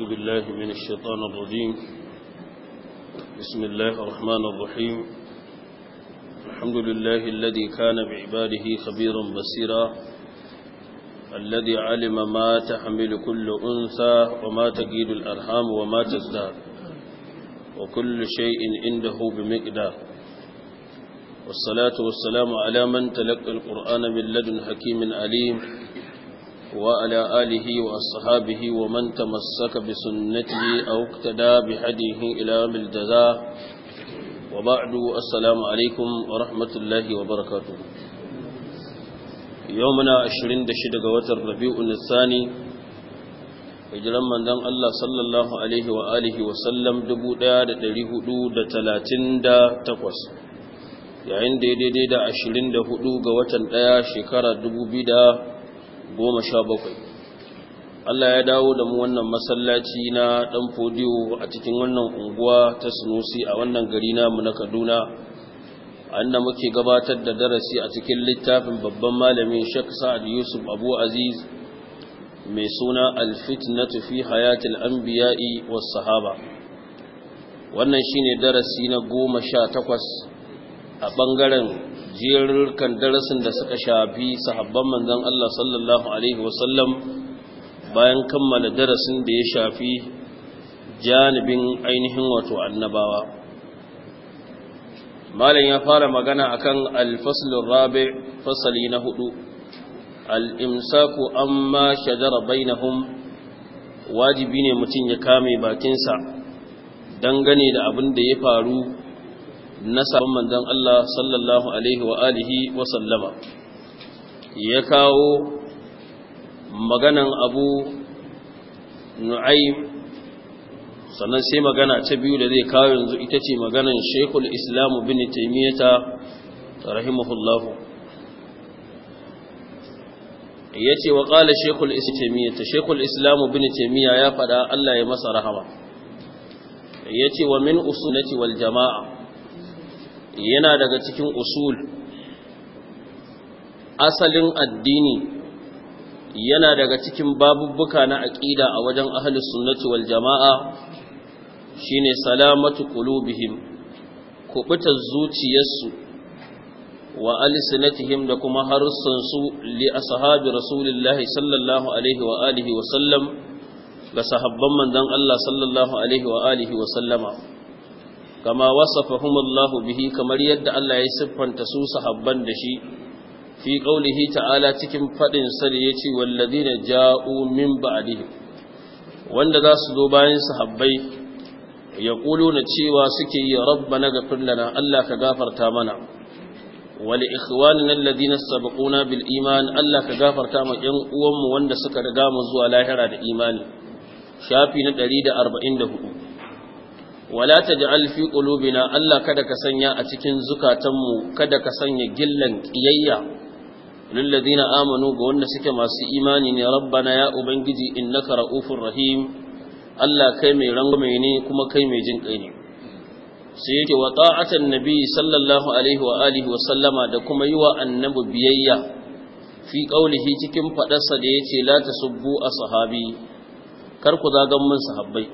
أعوذ بالله من الشيطان الرجيم بسم الله الرحمن الرحيم الحمد لله الذي كان بعباده خبيرا بصيرا الذي علم ما تحمل كل أنثى وما تجيد الأرحام وما تزداد وكل شيء عنده بمقدار والصلاة والسلام على من تلقى القرآن من لدن حكيم عليم وعلى آله وأصحابه ومن تمسك بسنته أو اقتدى بهديه إلى بالجزاء وبعد السلام عليكم ورحمة الله وبركاته يومنا عشرين دشد قوتر ربيع الثاني hijiran manzon Allah sallallahu alaihi wa alihi wa sallam 1438 yayin daidai da 24 ga watan 1 shekara 2000 goma sha bakwai Allah ya dawo da mu wannan masallaci na ɗan fodiyo a cikin wannan unguwa ta sunusi a wannan gari namu na kaduna anda muke gabatar da darasi a cikin littafin babban malamin shek sa'ad yusuf abu aziz mai suna alfitnatu fi hayatil anbiya'i was sahaba wannan shine darasi na goma sha takwas a ɓangaren jerurkan darasin da suka shafi sahabban manzan Allah sallallahu alaihi wasallam bayan kammala darasin da ya shafi janibin ainihin wato annabawa malam ya fara magana akan al-faslur rabi fasali na hudu al-imsaku amma shajara bainahum wajibi ne mutum ya kame bakinsa dangane da abin da ya faru na sabon manzon Allah sallallahu alaihi wa alihi wa sallama ya kawo maganan Abu Nu'aym sannan sai magana ta biyu da zai kawo yanzu ita ce maganan Sheikhul Islam Ibn Taymiyyah rahimahullahu ya ce wa ƙala shekul islamiyya shekul islamu bin taimiyya ya faɗa Allah ya masa rahama ya ce wa min usulati wal jama'a yana daga cikin usul asalin addini yana daga cikin babubbuka na aƙida a wajen ahlus sunnati wal jama'a shine salamatu qulubihim kubuta zuciyarsu wa alsinatihim da kuma su li ashabi rasulillahi sallallahu alaihi wa alihi wa sallam ga sahabban manzon Allah sallallahu alaihi wa alihi wa sallama kama wasafahumullahu bihi kamar yadda Allah ya siffanta su sahabban da shi fi qaulihi ta'ala cikin fadin sa da yace walladina ja'u min ba'dihi wanda za su zo bayan sahabbai na cewa suke ya rabbana ghfir lana Allah ka gafarta mana wal ikhwanina alladina sabaquna bil iman Allah ka gafarta ma yan uwanmu wanda suka riga mu zuwa lahira da imani shafi na 144 wala taj'al fi qulubina Allah kada ka sanya a cikin zukatanmu kada ka sanya gillan kiyayya lil amanu ga wanda suke masu imani ne rabbana ya ubangiji innaka raufur rahim Allah kai mai rangwame ne kuma kai mai jin kai ne sai yake wa ta'atan nabi sallallahu alaihi wa alihi wa sallama da kuma yi wa annabi biyayya fi qaulihi cikin fadarsa da yace la tasubbu ashabi kar ku zagan mun sahabbai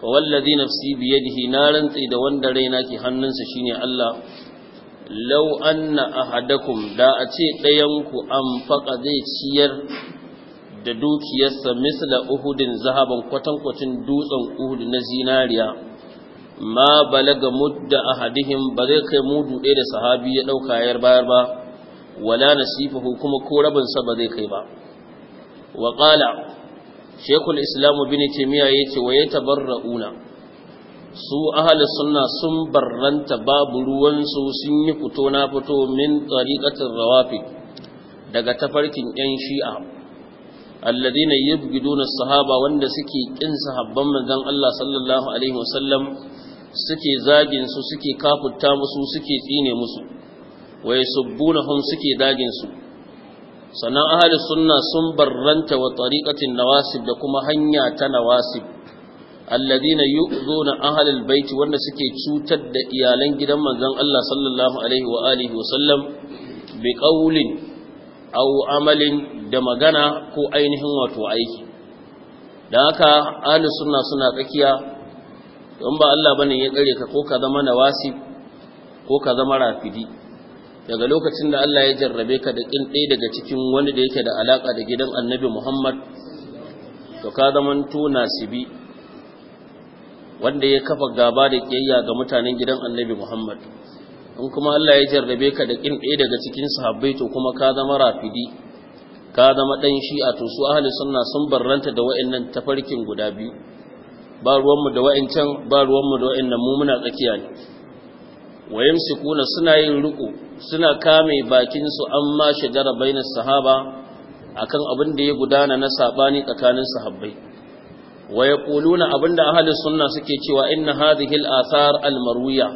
fa wallazi nafsi bi yadihi na rantsi da wanda raina ke hannunsa shine Allah law anna ahadakum da a ce ɗayan ku anfaqa zai ciyar da dukiyarsa misla uhudin zahaban kwatankwacin dutsen uhud na zinariya ma balaga mudda ahadihim ba zai kai mudu ɗaya da sahabi ya ɗauka yar bayar ba wala nasifahu kuma ko rabinsa ba zai kai ba wa qala shekul islamu Bini taimiyya ya ce wa ya tabarra'una su ahli sunna sun barranta babu ruwansu sun yi fito na fito min tsariƙatin rawafi daga tafarkin 'yan shi'a alladina yabgiduna sahaba wanda suke kin sahabban manzon Allah sallallahu alaihi wasallam suke zagin su suke kafurta musu suke tsine musu wa yasubbunahum suke dagin su sannan ahli sunna sun barranta wa tariqatin nawasib da kuma hanya ta nawasib alladina na ahli albayt wanda suke cutar da iyalan gidan manzon Allah sallallahu alaihi wa alihi wa bi qawlin aw amalin da magana ko ainihin wato aiki Da haka ahli sunna suna tsakiya don ba Allah bane ya tsare ka ko ka zama nawasib ko ka zama rafidi daga lokacin da Allah ya jarrabe ka da kin ɗaya daga cikin wani da yake da alaka da gidan annabi Muhammad to ka zamanto nasibi wanda ya kafa gaba da kiyayya ga mutanen gidan annabi Muhammad in kuma Allah ya jarrabe ka da kin ɗaya daga cikin sahabbai to kuma ka zama rafidi ka zama dan shi'a to su ahli sunna sun barranta da wayannan tafarkin guda biyu ba ruwanmu da wayancan ba ruwanmu da wayannan mu muna tsakiya ne wa yamsikuna suna yin ruku suna kame bakin su amma shajara bainas sahaba akan abin da ya gudana na sabani tsakanin sahabbai wa yaquluna abinda ahli sunna suke cewa inna hadhihi al-athar al-marwiya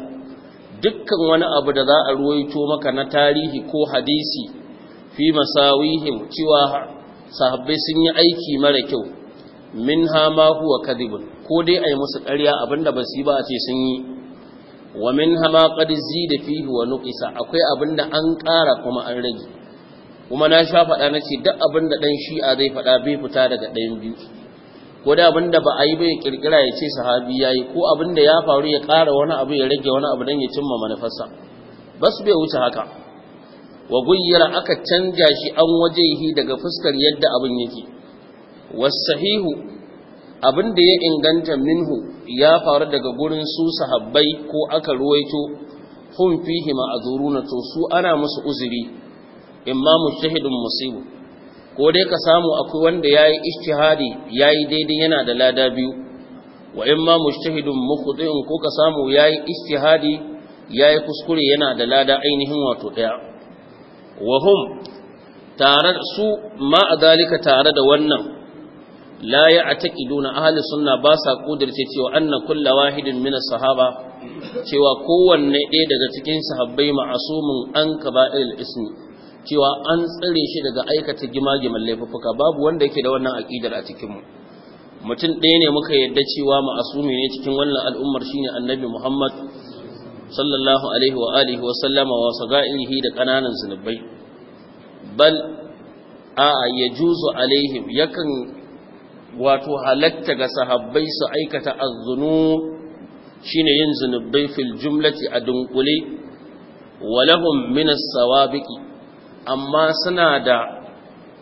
dukkan wani abu da za a ruwaito maka na tarihi ko hadisi fi masawihim cewa sahabbai sun yi aiki mara kyau minha ma huwa kadhibun ko dai ayi musu ƙarya abinda ba su yi ba a ce sun yi wa min hama qad zida fihi wa nuqisa akwai abinda an ƙara kuma an rage kuma na sha faɗa na ce duk abinda dan shi'a zai faɗa bai fita daga ɗayan biyu ko da abinda ba a yi bai kirkira ya ce sahabi yayi ko abinda ya faru ya ƙara wani abu ya rage wani abu dan ya cimma manufarsa bas bai wuce haka wa guyyara aka canja shi an wajehi daga fuskar yadda abin yake wasahihu abinda ya inganta minhu ya faru daga gurin su sahabbai ko aka ruwaito hun fihi ma'azuruna to su ana musu uzuri imma mujtahidun musibu ko dai ka samu akwai wanda yayi ya yi daidai yana da lada biyu wa imma mujtahidun mukhti'un ko ka samu yayi ya yayi kuskure yana da lada ainihin wato daya wa hum tare su ma adalika tare da wannan la ya'taqiduna ahli sunna ba sa kudirce cewa anna kullu wahidin min sahaba cewa kowanne ɗaya daga cikin sahabbai ma'asumin an kaba'il ismi cewa an tsare shi daga aikata gima-gima laifuka babu wanda yake da wannan aqidar a cikin mu mutum ɗaya ne muka yadda cewa ma'asumi ne cikin wannan al'ummar shine annabi Muhammad sallallahu alaihi wa alihi wa sallama wa sagairihi da kananan zunubai bal a yajuzu alaihim yakan wato halatta ga sahabbai su aikata azzunu shine yin zunubai fil jumlati a dunkule walahum min as-sawabiqi amma suna da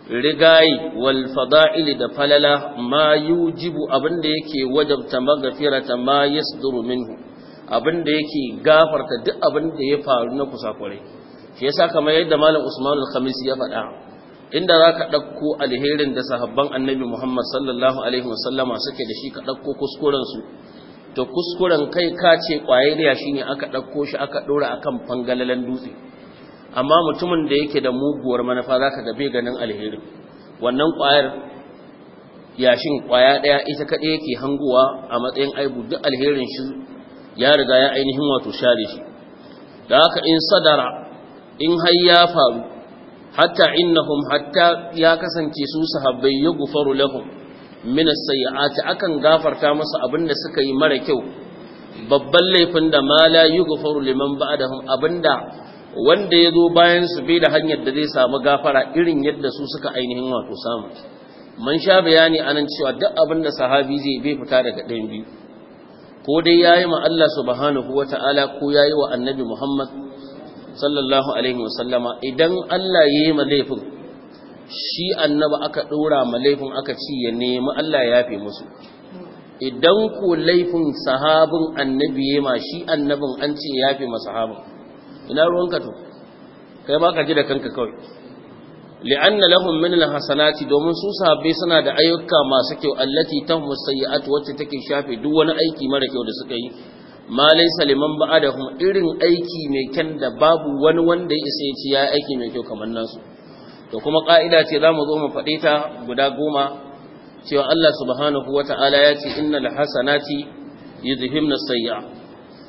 rigayi wal fada'il da falala ma yujibu abinda yake wajabta maghfirata ma yasduru minhu abinda yake gafarta duk abinda ya faru na kusakurai shi yasa kamar yadda malam Usman al-Khamis ya faɗa inda za ka ɗauko alherin da sahabban annabi Muhammad sallallahu Alaihi wasallama suke da shi ka ɗauko kuskurensu, to kuskuren kai ka ce ƙwayariya shi ne aka ɗauko shi aka ɗora a kan fangalalen dutse, amma mutumin da yake da muguwar manufa za ka gabe ganin alherin, wannan ƙwayar yashin ƙwaya ɗaya ita kaɗai yake hanguwa a matsayin aibu duk alherin shi ya riga ya ainihin wato share shi, da haka in sadara in har ya faru hatta innahum hatta ya kasance su sahabbai ya gufaru lahum min as-sayyi'ati akan gafarta masa abinda suka yi mara kyau babban laifin da ma la yughfaru liman ba'dahum abinda wanda ya zo bayan su bi da hanyar da zai samu gafara irin yadda su suka ainihin wato samu man sha bayani anan cewa duk abinda sahabi zai bai fita daga ɗayan biyu ko dai yayi ma Allah subhanahu wata'ala ko yayi wa annabi Muhammad sallallahu alaihi wasallama idan Allah ya yi ma laifin shi annaba aka ɗora ma laifin aka ci ya nemi Allah ya fi musu idan ku laifin sahabin annabi ya ma shi annabin an ce ya fi ma sahabin ina ruwanka to kai ba ka ji da kanka kawai na lahum min alhasanati domin su sahabbai suna da ayyuka masu kyau allati tahmus sayyi'at wacce take shafe duk wani aiki mara kyau da suka yi Malai Saliman liman ba'adahum irin aiki mai kyan da babu wani wanda ya isa ya ci ya aiki mai kyau kamar nasu to kuma ka'ida ce zamu zo mu faɗe ta guda goma cewa Allah subhanahu Ta'ala ya ce innal hasanati yuzhibna sayyi'a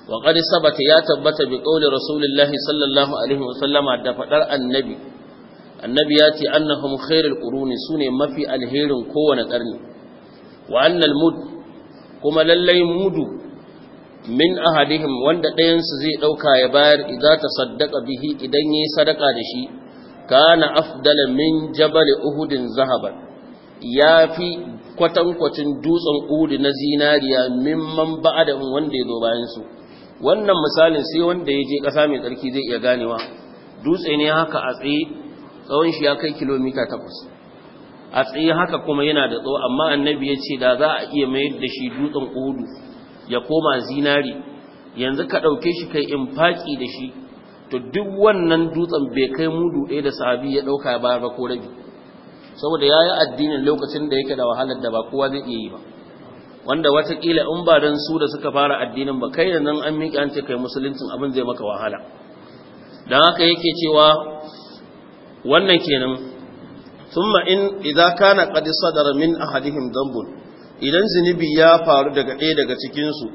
وقد ثبت يا تبت بقول رسول الله صلى الله عليه وسلم da faɗar annabi annabi ya ce annahum khairul quruni sune mafi alherin kowane karni wa annal mud kuma lallai mudu min ahadihim wanda ɗayansu zai ɗauka ya bayar idan ta saddaka bihi idan yi sadaka da shi kana afdala min jabal uhudin zahabar, ya fi kwatankwacin dutsen udu na zinariya mimman ba'adin wanda ya zo bayansu wannan misalin sai wanda ya je ƙasa mai tsarki zai iya ganewa dutse ne haka a tsaye tsawon shi ya kai kilomita takwas a tsaye haka kuma yana da tsawo amma annabi ya ce da za a iya mayar da shi dutsen udu ya koma zinari yanzu ka ɗauke shi kai in faƙi da shi to duk wannan dutsen bai kai mudu ɗaya da sabi ya ɗauka ba ba ko rabi saboda ya yi addinin lokacin da yake da wahalar da ba kowa zai iya yi ba wanda watakila in ba don su da suka fara addinin ba kai da nan an miƙe an ce kai musuluncin abin zai maka wahala don haka yake cewa wannan kenan ثم إن إذا كان قد صدر من أحدهم ذنب idan zunubi ya faru daga ɗaya daga cikinsu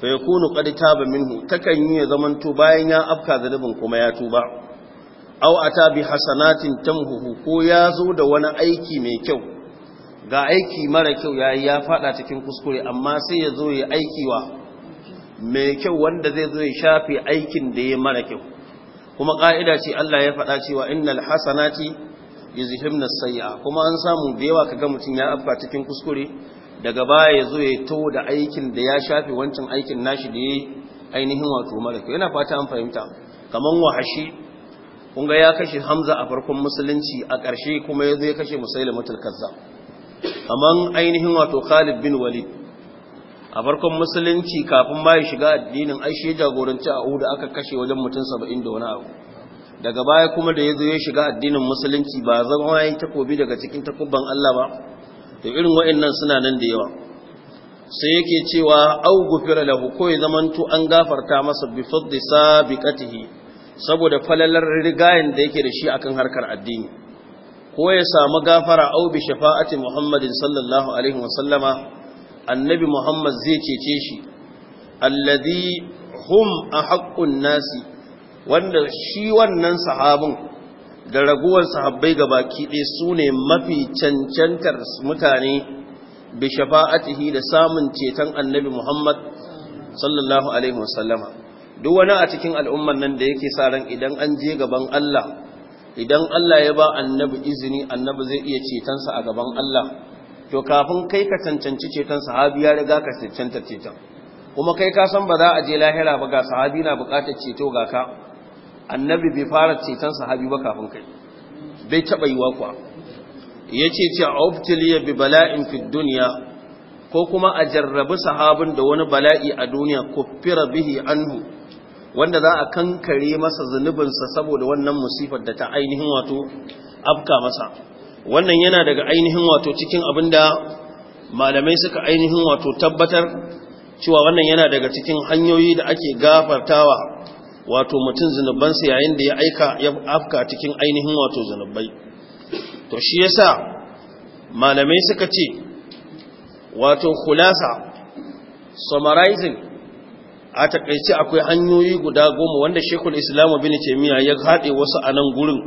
fa ya kunu taba minhu takan yi ya zamanto bayan ya afka zunubin kuma ya tuba au a bi hasanatin tamhuhu ko ya zo da wani aiki mai kyau ga aiki mara kyau ya ya faɗa cikin kuskure amma sai ya zo ya aiki wa mai kyau wanda zai zo ya shafe aikin da ya mara kyau kuma ƙa'ida ce Allah ya faɗa cewa innal hasanati yuzhibna sayyi'a kuma an samu da yawa kaga mutun ya afka cikin kuskure daga baya ya zo ya to da aikin da ya shafe wancan aikin nashi da ya ainihin wato malaka yana fata an fahimta kamar wahashi kun ya kashe hamza a farkon musulunci a ƙarshe kuma ya zo ya kashe musailamatul kazzab kamar ainihin wato khalid bin walid a farkon musulunci kafin ma ya shiga addinin ai shi jagoranci a uhudu aka kashe wajen mutum saba'in da wani abu daga baya kuma da ya zo ya shiga addinin musulunci ba zama ya yi takobi daga cikin takubban allah ba Da irin wa'annan suna nan da yawa sai yake cewa au gufira lahu ko ya zamanto an gafarta masa bi fadli sabiqatihi saboda falalar rigayen da yake da shi akan harkar addini ko ya samu gafara au bi shafa'ati muhammadin sallallahu alaihi wasallama annabi muhammad zai cece shi alladhi hum ahaqqun nasi wanda shi wannan sahabin da raguwar sahabbai ga baki ɗaya su ne mafi cancantar mutane bi shafa'atihi da samun ceton annabi Muhammad sallallahu alaihi wasallama duk wani a cikin al'ummar nan da yake sa ran idan an je gaban Allah idan Allah ya ba annabi izini annabi zai iya cetonsa a gaban Allah to kafin kai ka cancanci ceton sahabi ya riga ka cancanta ceton kuma kai ka san ba za a je lahira ba ga sahabi na bukatar ceto ga ka annabi bai fara ceton sahabi ba kafin kai bai taba yi kuwa yace ce ce a bi bala'in fi duniya ko kuma a jarrabi sahabin da wani bala'i a duniya kufira bihi anhu wanda za a kankare masa zunubinsa saboda wannan musifar da ta ainihin wato afka masa wannan yana daga ainihin wato cikin abin da malamai suka ainihin wato tabbatar cewa wannan yana daga cikin hanyoyi da ake gafartawa wato mutum zunubansa yayin da ya aika ya afka cikin ainihin wato zunubai to shi yasa malamai suka ce wato khulasa summarizing a takaice akwai hanyoyi guda goma wanda shekul islamu bin miya ya haɗe wasu a nan gurin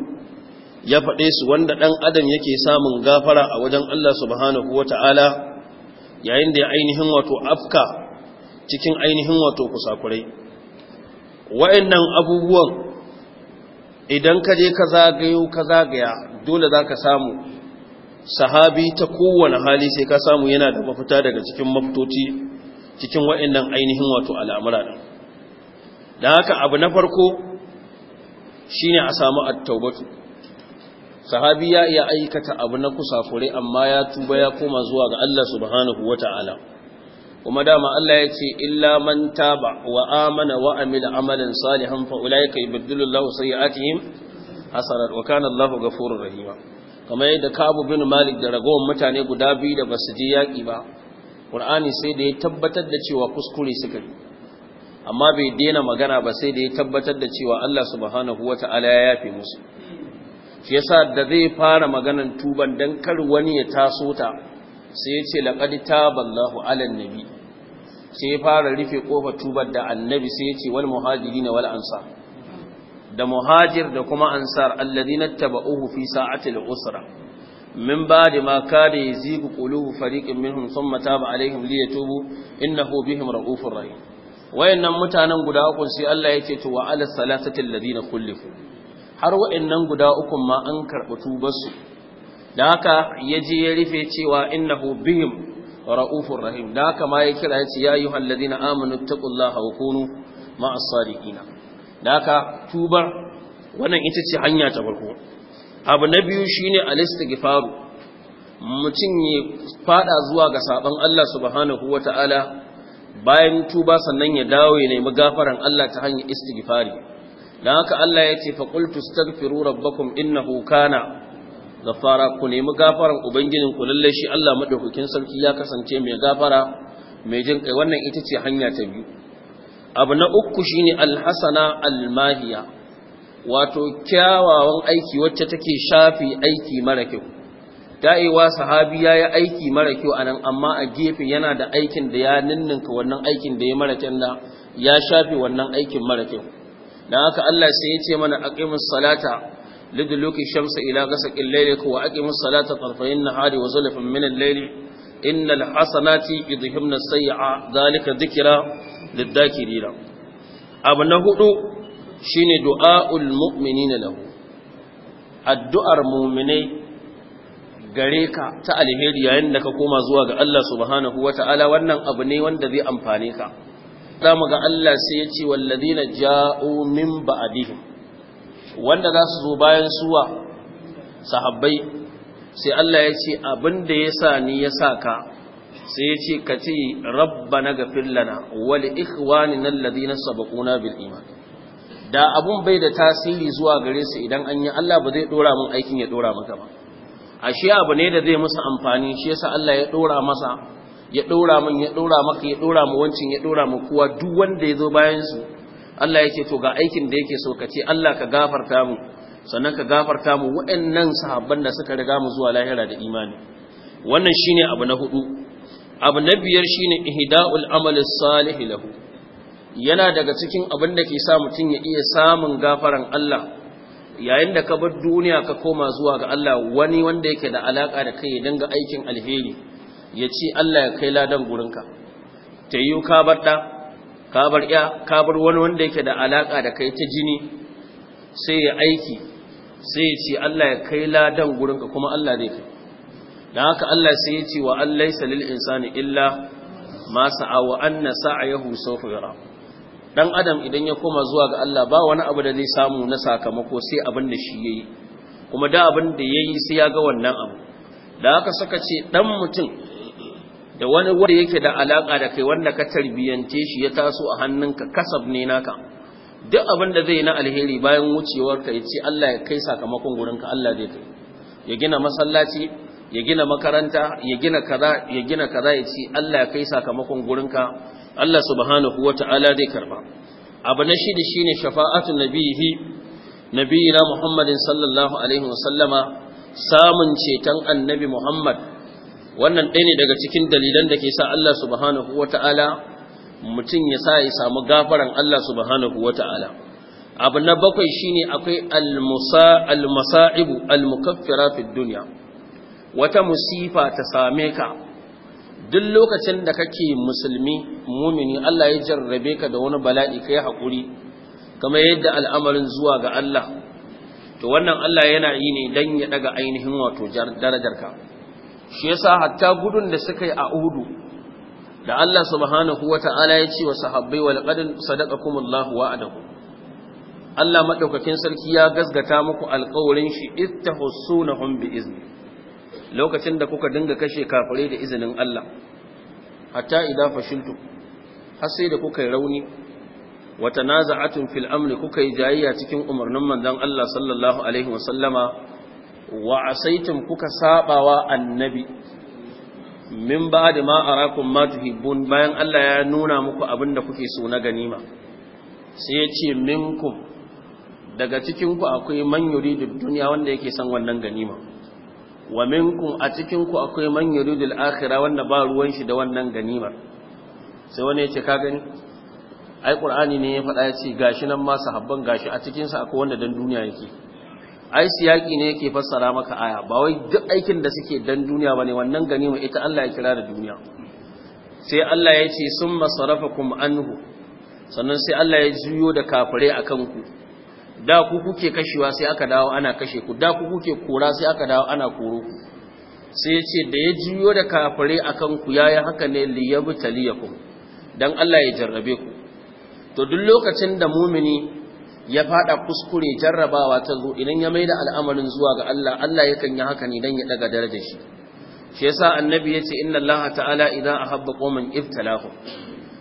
ya faɗe su wanda ɗan adam yake samun gafara a wajen allah subhanahu wa ta'ala yayin da ya ainihin wato afka cikin ainihin wato kusakurai wa'annan abubuwan idan ka je ka zagayo ka zagaya dole za ka samu sahabi ta kowane hali sai ka samu yana da mafita daga cikin mafitoci cikin wa'annan ainihin wato al'amura ɗin da haka abu na farko shine a samu attaubatu sahabi ya iya aikata abu na kusa fure amma ya tuba ya koma zuwa ga Allah subhanahu wata'ala kuma dama Allah ya ce illa man taba wa amana wa amila amalan salihan fa ulaika yubaddilu Allahu sayi'atihim hasanat wa kana Allahu ghafurur rahima kamar yadda Kabu bin Malik da ragowar mutane guda biyu da basu je yaki ba Qur'ani sai da ya tabbatar da cewa kuskure suka yi amma bai daina magana ba sai da ya tabbatar da cewa Allah subhanahu wata'ala ya yafe musu shi yasa da zai fara maganan tuban dan kar wani ya taso ta sai ya ce laqad taballahu alan nabi sai ya fara rufe kofar tubar da annabi sai ya ce wal na wal ansar da muhajir da kuma ansar alladhina tabauhu fi sa'atil usra min da ma kada yazigu qulubu fariqin minhum thumma taba alaihim liyatubu innahu bihim raufur rahim wayannan mutanen guda uku sai Allah ya ce to wa ala salasati alladhina kullifu har wayannan guda uku ma an karɓi tubarsu da haka ya je ya rufe cewa innahu bihim ra'ufur rahim da haka ma ya kira ya ce ya yi halladina amanu taqullaha wa kunu ma'as sadiqina da haka tuba wannan ita ce hanya ta farko abu na biyu shine al-istighfaru mutum ya fada zuwa ga saban Allah subhanahu wata'ala bayan tuba sannan ya dawo ya nemi gafaran Allah ta hanyar istighfari dan haka Allah ya ce fa qultu astaghfiru rabbakum innahu kana gafara ku nemi gafaran ubangijin ku lalle shi Allah madaukakin sarki ya kasance mai gafara mai jin kai wannan ita ce hanya ta biyu abu na uku shine alhasana almahiya wato kyawawan aiki wacce take shafi aiki mara kyau da'iwa sahabi ya yi aiki mara kyau anan amma a gefe yana da aikin da ya ninninka wannan aikin da ya mara kyau ya shafi wannan aikin mara kyau dan haka Allah sai ya ce mana aqimus salata لدلوك الشمس إلى غسق الليل وأقم الصلاة طرفي النهار وزلفا من الليل إن الحسنات يضهبن السيعة ذلك ذكرى للذاكرين أبو نهدو شين دعاء المؤمنين له الدعاء المؤمنين gare ka ta alheri yayin da ka koma zuwa ga Allah subhanahu wata'ala wannan abu ne wanda zai amfane ka zamu ga Allah sai ya ce wallazina ja'u min ba'dihim wanda za su zo bayan suwa sahabbai sai Allah ya ce abin da ya sa ni ya sa ka sai ya ce ka ce Rabba rabbana gafir lana wal ikhwanina na sabaquna bil iman da abun bai da tasiri zuwa gare su idan an yi Allah ba zai dora mun aikin ya dora maka ba ashe abu ne da zai musu amfani shi yasa Allah ya dora masa ya dora mun ya dora maka ya dora mu wancin ya dora mu kowa duk wanda ya zo bayan su Allah yake to ga aikin da yake so ka ce Allah ka gafarta mu sannan ka gafarta mu waɗannan sahabban da suka riga mu zuwa lahira da imani wannan shine abu na hudu abu na biyar shine ihda'ul amali salih lahu yana daga cikin abin da ke sa mutum ya iya samun gafaran Allah yayin da ka bar duniya ka koma zuwa ga Allah wani wanda yake da alaka da kai ya ga aikin alheri ya ce Allah ya kai ladan gurinka tayyuka ka bar da ka bar ya kabar wani wanda yake da alaka da kai ta jini sai ya aiki sai ya ce Allah ya kai ladan gurin ka kuma Allah zai kai dan haka Allah sai ya ce wa allaysa lil insani illa ma sa'a wa anna sa'ayahu sawfa yara dan adam idan ya koma zuwa ga Allah ba wani abu da zai samu na sakamako sai abin da shi yayi kuma da abin da yayi sai ya ga wannan abu da haka suka ce dan mutum da wani wanda yake da alaka da kai wanda ka tarbiyance shi ya taso a hannunka kasab ne naka duk abin da zai na alheri bayan wucewar ka ya yace Allah ya kai sakamakon gurinka, Allah zai kai ya gina masallaci ya gina makaranta ya gina kaza ya gina kaza yace Allah ya kai sakamakon gurinka, Allah subhanahu wata'ala zai karba abu na shida shine shafa'atu nabihi nabiyina Muhammadin sallallahu alaihi wasallama samun ceton annabi Muhammad wannan ɗaya ne daga cikin dalilan da ke sa Allah subhanahu ta’ala mutum ya sa ya samu gafaran Allah subhanahu ta’ala abu na bakwai shine akwai almasaibu almukaffira al fi duniya wata musifa ta same ka duk lokacin da kake musulmi mumini Allah ya jarrabe ka da wani bala'i kai haƙuri, kamar yadda al'amarin zuwa ga Allah to wannan Allah yana yi ne dan ya daga ainihin wato darajarka shi yasa hatta gudun da suka yi a Uhudu da Allah subhanahu wata'ala ya ce wa sahabbai wal qad sadaqakum Allah wa'adahu Allah madaukakin sarki ya gasgata muku alƙawarin shi na bi izni lokacin da kuka dinga kashe kafirai da izinin Allah hatta idan fashiltu har sai da kuka yi rauni wa tanaza'atun fil amri kuka yi jayayya cikin umarnin manzon Allah sallallahu alaihi wa wa asaitum kuka sabawa annabi min ba da ma arakum ma tuhibbun bayan Allah ya nuna muku abinda kuke so na ganima sai ya ce minkum daga cikin ku akwai man yuridu dunya wanda yake son wannan ganima wa minkum a cikin ku akwai man yuridu al-akhirah wanda ba ruwan shi da wannan ganima sai wani ya ce ka gani ai qur'ani ne ya faɗa ya ce gashi nan ma sahabban gashi a cikin sa akwai wanda dan duniya yake ai siyaki ne yake fassara maka aya ba wai duk aikin da suke dan duniya bane wannan ganima ita Allah ya kira da duniya sai Allah ya ce sun masarafakum anhu sannan sai Allah ya juyo da kafire akan ku da ku kuke kashewa sai aka dawo ana kashe ku da ku kuke kora sai aka dawo ana koro ku sai ya ce da ya juyo da kafire akan ku yayi haka ne liyabtaliyakum dan Allah ya jarrabe ku to duk lokacin da mumini ya fada kuskure jarrabawa ta zo idan ya maida al'amarin zuwa ga Allah Allah yakan yi haka ne dan ya daga darajar shi shi yasa annabi yace inna Allah ta'ala idan ahabba qauman ibtalahu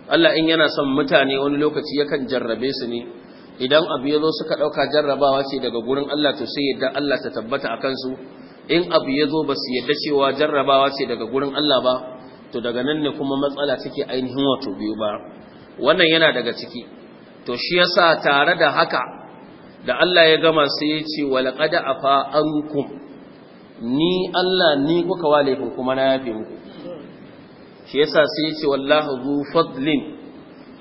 Allah in yana son mutane wani lokaci yakan jarrabe su ne idan abu ya zo suka dauka jarrabawa ce daga gurin Allah to sai yadda Allah ta tabbata akan su in abu ya zo ba su yadda cewa jarrabawa ce daga gurin Allah ba to daga nan ne kuma matsala take ainihin wato biyu ba wannan yana daga ciki to shi yasa tare da haka da Allah ya gama sai ya ce walqad afa ankum ni Allah ni kuka ku kuma na yafe muku shi yasa sai ya ce wallahu zu fadlin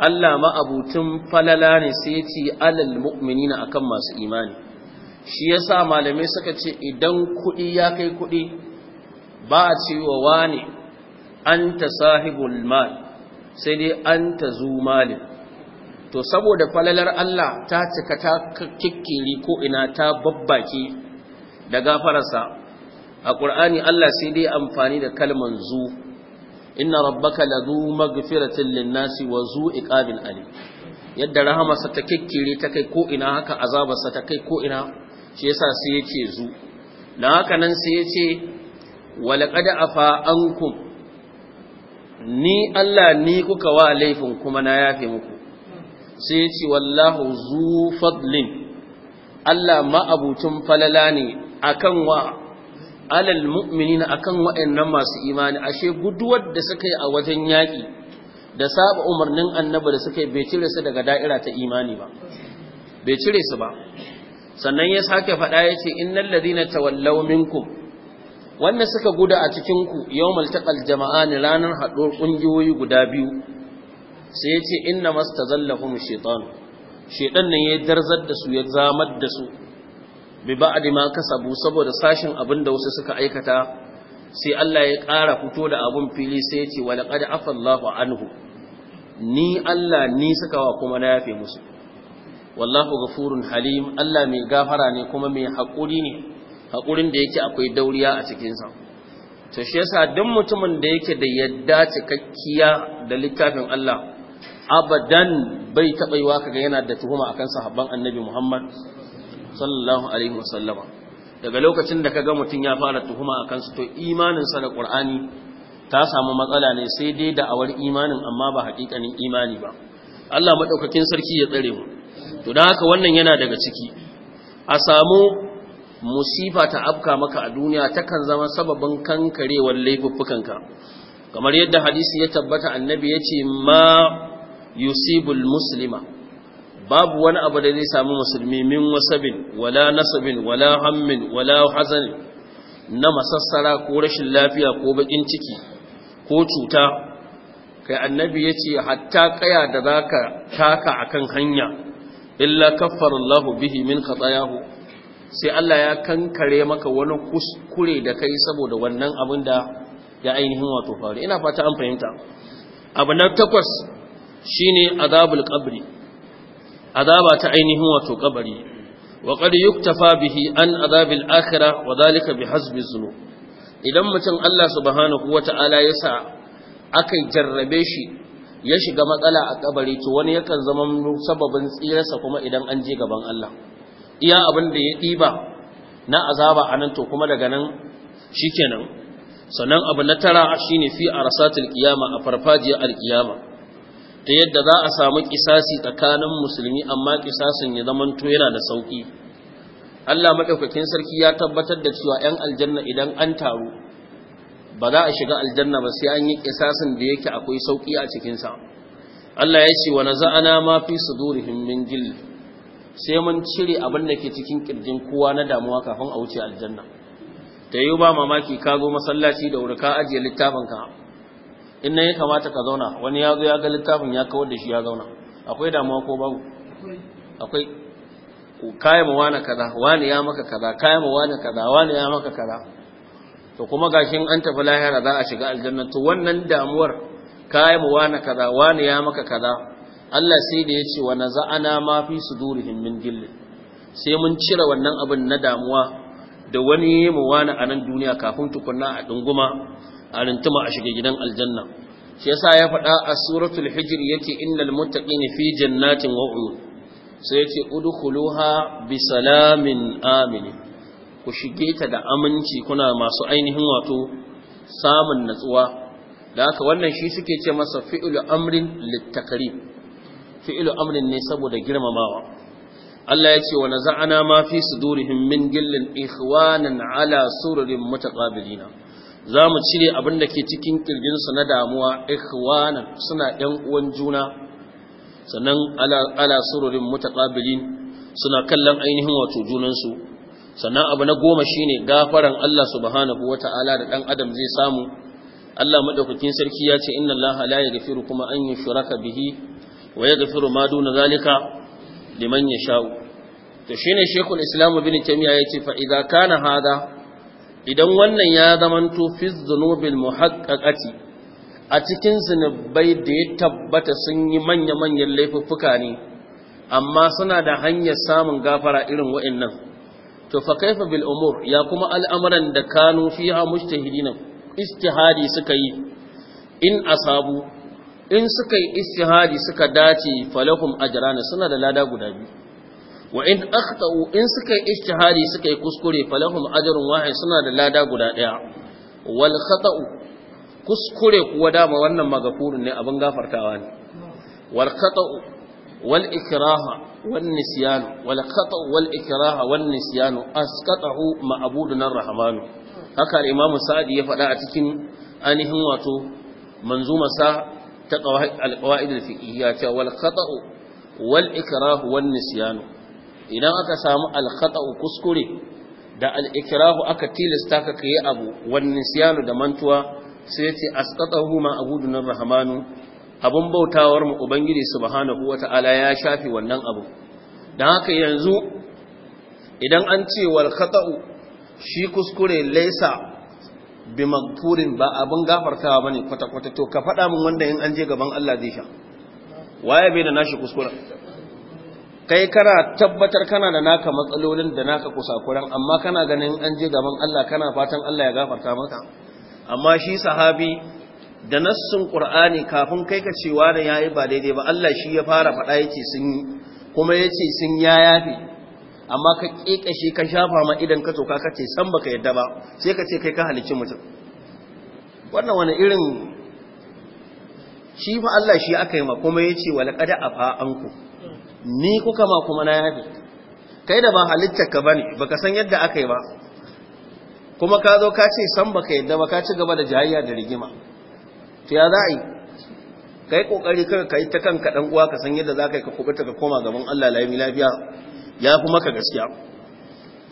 Allah ma abutun falala ne sai ya ce alal mu'minina akan masu imani shi yasa malamai suka ce idan kuɗi ya kai kuɗi ba a cewa wane anta sahibul mal sai dai anta zu malin to saboda falalar Allah ta cika ta kikkiri ko ina ta babbaki da gafararsa a ƙur'ani Allah sai dai amfani da kalman zu inna rabbaka ladu maghfiratin linnasi wa zu iqabil ali yadda rahamarsa ta kikkiri ta kai ko ina haka azabarsa ta kai ko ina shi yasa sai yace zu dan haka nan sai yace walaqad afa ankum ni Allah ni kuka wa laifin kuma na yafe muku sai ya ce wallahu zu fadlin Allah ma'abucin falala ne akan wa alal mu'minina akan wa'annan masu imani ashe guduwar da suka yi a wajen yaƙi da saba umarnin annabi da suka yi bai cire su daga da'ira ta imani ba bai cire su ba sannan ya sake faɗa ya ce innal na tawallaw minkum wanda suka guda a cikinku ku yawmal jama'a ne ranar haɗuwar ƙungiyoyi guda biyu sai ya ce inna mu shaitan shaitan ne ya darzar da su ya zamar da su bi ma kasabu saboda sashin abin da wasu suka aikata sai Allah ya ƙara fito da abun fili sai ya ce walaqad afallahu anhu ni Allah ni suka wa kuma na yafe musu wallahu ghafurun halim Allah mai gafara ne kuma mai haƙuri ne haƙurin da yake akwai dauriya a cikinsa to shi yasa duk mutumin da yake da yadda cikakkiya da littafin Allah abadan bai taɓa yi yiwa kaga yana da tuhuma a kan sahabban annabi Muhammad sallallahu alaihi wasallama daga lokacin da ka kaga mutum ya fara tuhuma a kansu, to imaninsa da ƙur'ani ta samu matsala ne sai dai da awar imanin amma ba haƙiƙanin imani ba Allah maɗaukakin sarki ya tsare mu to dan haka wannan yana daga ciki a samu musifa ta afka maka a duniya takan zama sababin kankarewar laifuffukanka kamar yadda hadisi ya tabbata annabi ya ce ma yusibul muslima babu wani abu da zai samu musulmi min wasabin wala nasabin wala hammin wala hazanin na masassara ko rashin lafiya ko bakin ciki ko cuta kai annabi ya ce hatta kaya da za ka taka a kan hanya illa kaffar Allahu bihi min khatayahu sai Allah ya kankare maka wani kuskure da kai saboda wannan abin da ya ainihin wato faru ina fata an fahimta abu na takwas shine azabul qabri azaba ta ainihin wato kabari wa qad yuktafa bihi an azabil akhirah wa zalika bihasbi idan mutum Allah subhanahu Ta'ala ya sa aka jarrabe shi ya shiga matsala a kabari to wani yakan zama sababin tsirarsa kuma idan an je gaban Allah iya abin da ya diba na azaba anan to kuma daga nan shikenan sannan abu na tara shine fi arsatil qiyama a farfajiyar alqiyama ta yadda za a samu kisasi tsakanin musulmi amma kisasin ya zamanto yana da sauƙi. Allah maɗaukakin sarki ya tabbatar da cewa 'yan aljanna idan an taru ba za a shiga aljanna ba sai an yi kisasin da yake akwai sauƙi a cikinsa. Allah ya ce wa za'ana ma fi su sudurihim himmin gilli. sai mun cire abin da ke cikin kirjin kowa na damuwa kafin a wuce aljanna ta yi ba mamaki ka zo masallaci da wuri ka ajiye littafin ka in na ya kamata ka zauna wani ya zo ya ga littafin ya kawar da shi ya zauna akwai damuwa ko babu akwai kayan ma wani kaza wani ya maka kaza kayan ma wani kaza wani ya maka kaza to kuma gashin an tafi lahira za a shiga aljanna to wannan damuwar kayan ma wani kaza wani ya maka kaza Allah sai da ya ce wa naza'ana ma fi sudurihim min gillin sai mun cire wannan abin na damuwa da wani mu wani a nan duniya kafin tukunna a dunguma a rintuma a shiga gidan aljanna shi yasa ya faɗa a suratul hijr yace innal muttaqina fi jannatin wa uyun sai yace udkhuluha bi salamin amin ku shige ta da aminci kuna masu ainihin wato samun natsuwa da haka wannan shi suke ce masa fi'lu amrin littakrim fi'lu amrin ne saboda girmamawa Allah ya ce wa naza'ana ma fi sudurihim min gillin ikhwanan ala sururin mutaqabilina za mu cire abin da ke cikin ƙirjinsu na damuwa ikhwanan suna ɗan uwan juna sannan ala sururin mutaƙabilin suna kallon ainihin wato junansu sannan abu na goma shi ne gafaran Allah subhanahu wa ta'ala da ɗan adam zai samu Allah maɗaukakin sarki ya ce inna Allah la gafiru kuma an yi shuraka bihi wa gafiru ma duna zalika liman yasha'u to ne shekul islam bin taymiya ya fa idza kana hada idan wannan ya zamanto fi dhunubil a cikin zunubai da ya tabbata sun yi manya-manyan laifuffuka ne amma suna da hanyar samun gafara irin waɗannan, to fa kaifa bil umur ya kuma al'amuran da kanu fiha mujtahidina istihadi suka yi in asabu in suka yi istihadi suka dace falahum ajrana suna da lada guda biyu wa in akhtau in suka yi ijtihadi suka yi kuskure falahum ajrun wahid suna da lada guda ɗaya. wal khata'u kuskure kuwa dama wannan magafurin ne abin gafartawa ne wal khata'u wal ikraha wan nisyan wal khata'u wal ikraha wan nisyan asqatahu ma'budun arrahman haka al-imam sa'di ya faɗa a cikin ainihin wato manzuma sa ta qawaid al-qawaid al-fiqhiyya wal idan aka samu alkhata kuskure da al'ikirahu aka tilasta ka kai abu wani siyanu da mantuwa sai ya ce asqatahu ma abudunar rahmanu abun bautawar mu ubangiji subhanahu wata'ala ya shafi wannan abu dan haka yanzu idan an ce wal shi kuskure laisa bi magfurin ba abun gafartawa bane kwata kwata to ka faɗa min wanda in an je gaban Allah zai sha waye bai da nashi kuskuren kai kana tabbatar kana da naka matsalolin da naka kusakuran amma kana ganin an je gaban Allah kana fatan Allah ya gafarta maka amma shi sahabi da nassun Qur'ani kafin kai ka cewa da yayi ba daidai ba Allah shi ya fara faɗa yace sun yi kuma yace sun ya yafi amma ka shi ka shafa ma idan ka toka ka ce san baka yadda ba sai ka ce kai ka halicci mutum wannan wani irin shi fa Allah shi aka yi ma kuma yace walaqad afa anku ni kuka ma kuma na yafi kai da ba halittar ka bane baka san yadda aka yi ba kuma ka zo ka ce san baka yadda ba ka ci gaba da jayayya da rigima to ya za kai kokari ka yi ta kanka dan uwa ka san yadda ka yi ka kubuta ka koma gaban Allah laimi lafiya ya fi maka gaskiya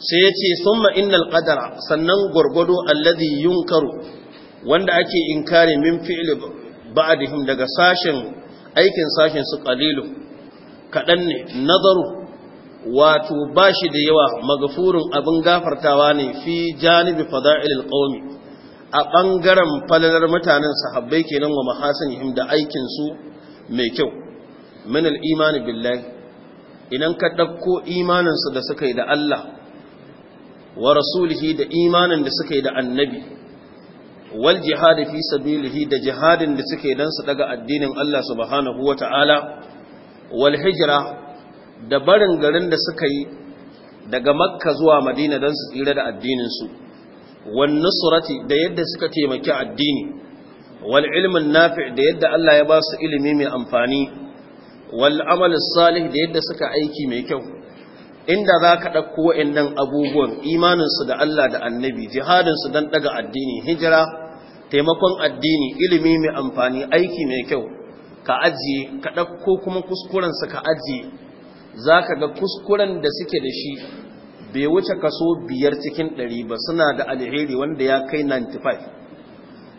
sai ya ce ma innal qadara sannan gwargwado, alladhi yunkaru wanda ake inkari min fi'li ba'dihim daga sashin aikin sashin su qalilun kaɗan ne nazaru wato ba shi da yawa magafurin abin gafartawa ne fi janibi fada'ilil ƙaumi a ɓangaren falalar mutanen sahabbai kenan wa him da su mai kyau min imani billahi idan ka ɗauko imaninsu da suka yi da Allah wa rasulihi da imanin da suka yi da annabi wal jihadi fi sabilihi da jihadin da suka yi su daga addinin Allah subhanahu wata'ala wal hijira da barin garin da suka yi daga makka zuwa madina don su tsira da addininsu wani surati da yadda suka taimaki addini wal ilmin nafi da yadda Allah ya ba su ilimi mai amfani wal amalin salih da yadda suka aiki mai kyau inda za ka ɗauko waɗannan abubuwan imaninsu da Allah da annabi jihadinsu don ɗaga addini hijira taimakon addini ilimi mai amfani aiki mai kyau ka ajiye ka ɗauko kuma kuskurensa ka ajiye za ka ga kuskuren da suke da shi bai wuce kaso biyar cikin ɗari ba suna da alheri wanda ya kai 95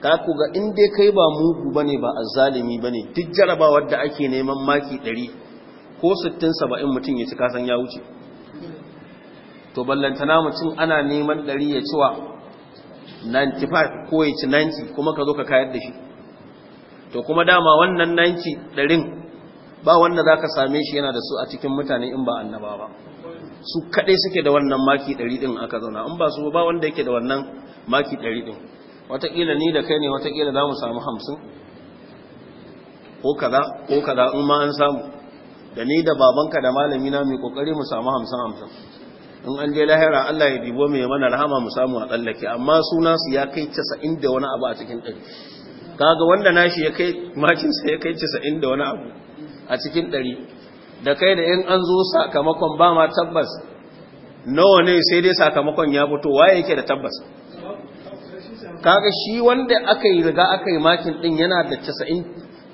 ka ku ga in dai kai ba mugu ba ne ba zalimi ba ne duk jarabawar da ake neman maki ɗari ko sittin saba'in mutum ya ci kasan ya wuce to ballantana mutum ana neman ɗari ya ciwa 95 ko ya ci 90 kuma ka zo ka kayar da shi to kuma dama wannan 90 ɗarin ba wanda za ka same shi yana da su a cikin mutane in ba annaba ba su kaɗai suke da wannan maki ɗari ɗin aka zauna in ba su ba wanda yake da wannan maki ɗari ɗin wataƙila ni da kai ne wataƙila za mu samu hamsin ko kaza ko kaza in ma an samu da ni da babanka da malami na mai kokari mu samu hamsin hamsin in an je lahira Allah ya dibo mai mana rahama mu samu a tsallake amma suna su ya kai casa'in da wani abu a cikin ɗari kaga wanda nashi ya kai makinsa ya kai casa'in da wani abu a cikin dari, da kai da in an zo sakamakon ba ma tabbas nawa ne sai dai sakamakon ya fito waye yake da tabbas kaga shi wanda aka yi riga aka yi makin din yana da casa'in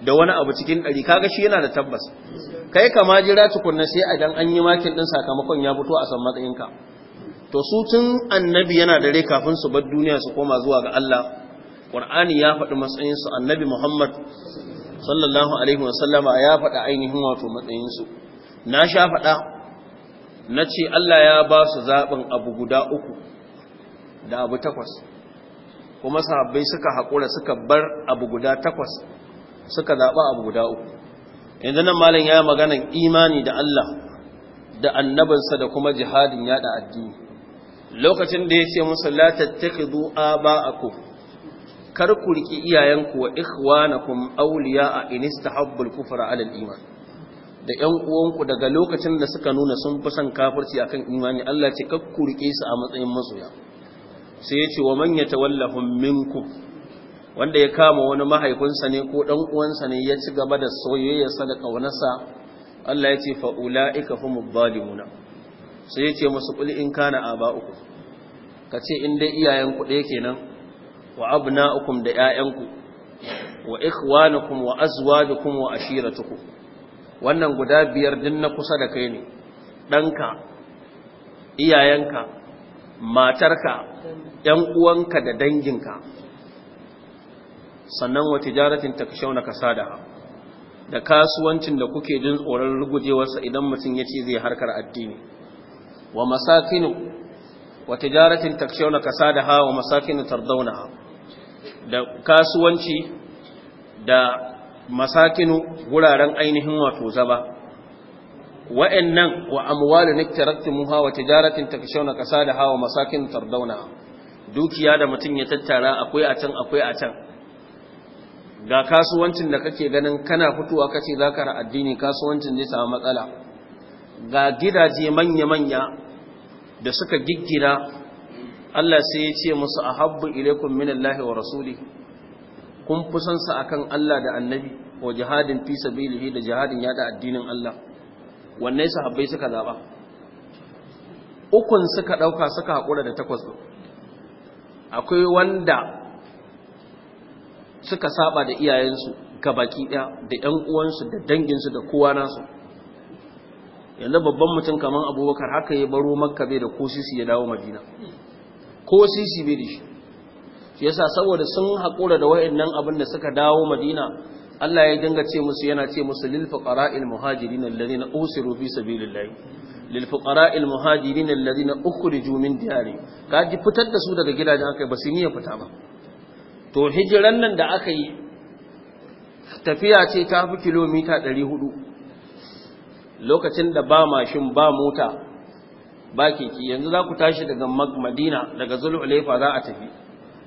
da wani abu cikin ɗari kaga shi yana da tabbas kai kama jira tukunna sai idan an yi makin din sakamakon ya fito a san matsayinka to su tun annabi yana da rai kafin su bar duniya su koma zuwa ga Allah Qur'ani ya faɗi matsayinsu annabi Muhammad sallallahu alaihi wasallama ya faɗa ainihin wato matsayinsu na sha faɗa na ce Allah ya ba su zaɓin abu guda uku da abu takwas kuma sahabbai suka haƙura suka bar abu guda takwas suka zaɓa abu guda uku yanzu nan malam ya yi maganan imani da Allah da annabinsa da kuma jihadin yaɗa addini lokacin da ya ce musu la aba'akum kar ku riki iyayenku wa ikhwanakum awliya a inistahabbul kufra ala al-iman da yan uwanku daga lokacin da suka nuna sun fi son kafirci akan imani Allah ce kar ku su a matsayin masoya sai ya ce wa man yatawallahum minkum wanda ya kama wani mahaifinsa ne ko dan uwansa ne ya ci gaba da soyayyarsa da kaunarsa Allah ya ce fa ulaika humu zalimuna sai ya ce musu qul in kana aba'ukum kace in dai iyayenku ɗaya kenan wa abna'ukum da 'ya'yanku, wa ikhwanukum wa azwajukum wa wannan guda biyar din na kusa da kai ne ɗanka iyayenka matarka 'yan uwanka da danginka sannan wa tijaratin na kasadaha da kasuwancin da kuke jin tsoron rugujewarsa idan mutum ya ce zai harkar addini wa masakinu wa tijaratin takshawna kasadaha wa masakinu da kasuwanci da masakinu wuraren ainihin wato zaba wa'annan wa amwalun iktaraktumuha wa tijaratin takshawna kasada hawa masakin tardawna dukiya da mutun ya tattara akwai a can akwai a can ga kasuwancin da kake ganin kana fitowa kace zaka ra addini kasuwancin zai samu matsala ga gidaje manya manya da suka giggira. Allah sai ya ce musu a habbu ilaikum minallahi wa rasuli kun fi son sa akan Allah da annabi wa jihadin fi sabilihi da jihadin yada addinin Allah wannan Habbai suka zaba ukun suka ɗauka suka haƙura da takwas akwai wanda suka saba da iyayensu ga baki ɗaya da ‘yan uwansu da danginsu da kowa nasu yanzu babban mutum kamar abubakar haka ya baro makka bai da kosisi ya dawo madina ko sisi bai da shi shi yasa saboda sun haƙura da nan abin da suka dawo madina Allah ya dinga ce musu yana ce musu lil fuqara'il muhajirin alladhina usiru fi sabilillah lil fuqara'il muhajirin alladhina ukhriju min diyari kaji fitar da su daga gidajen akai ba su niyya fita ba to hijiran nan da aka yi tafiya ce ta fi kilomita 400 lokacin da ba mashin ba mota ba ki, yanzu za ku tashi daga madina daga zulhulaifa za a tafi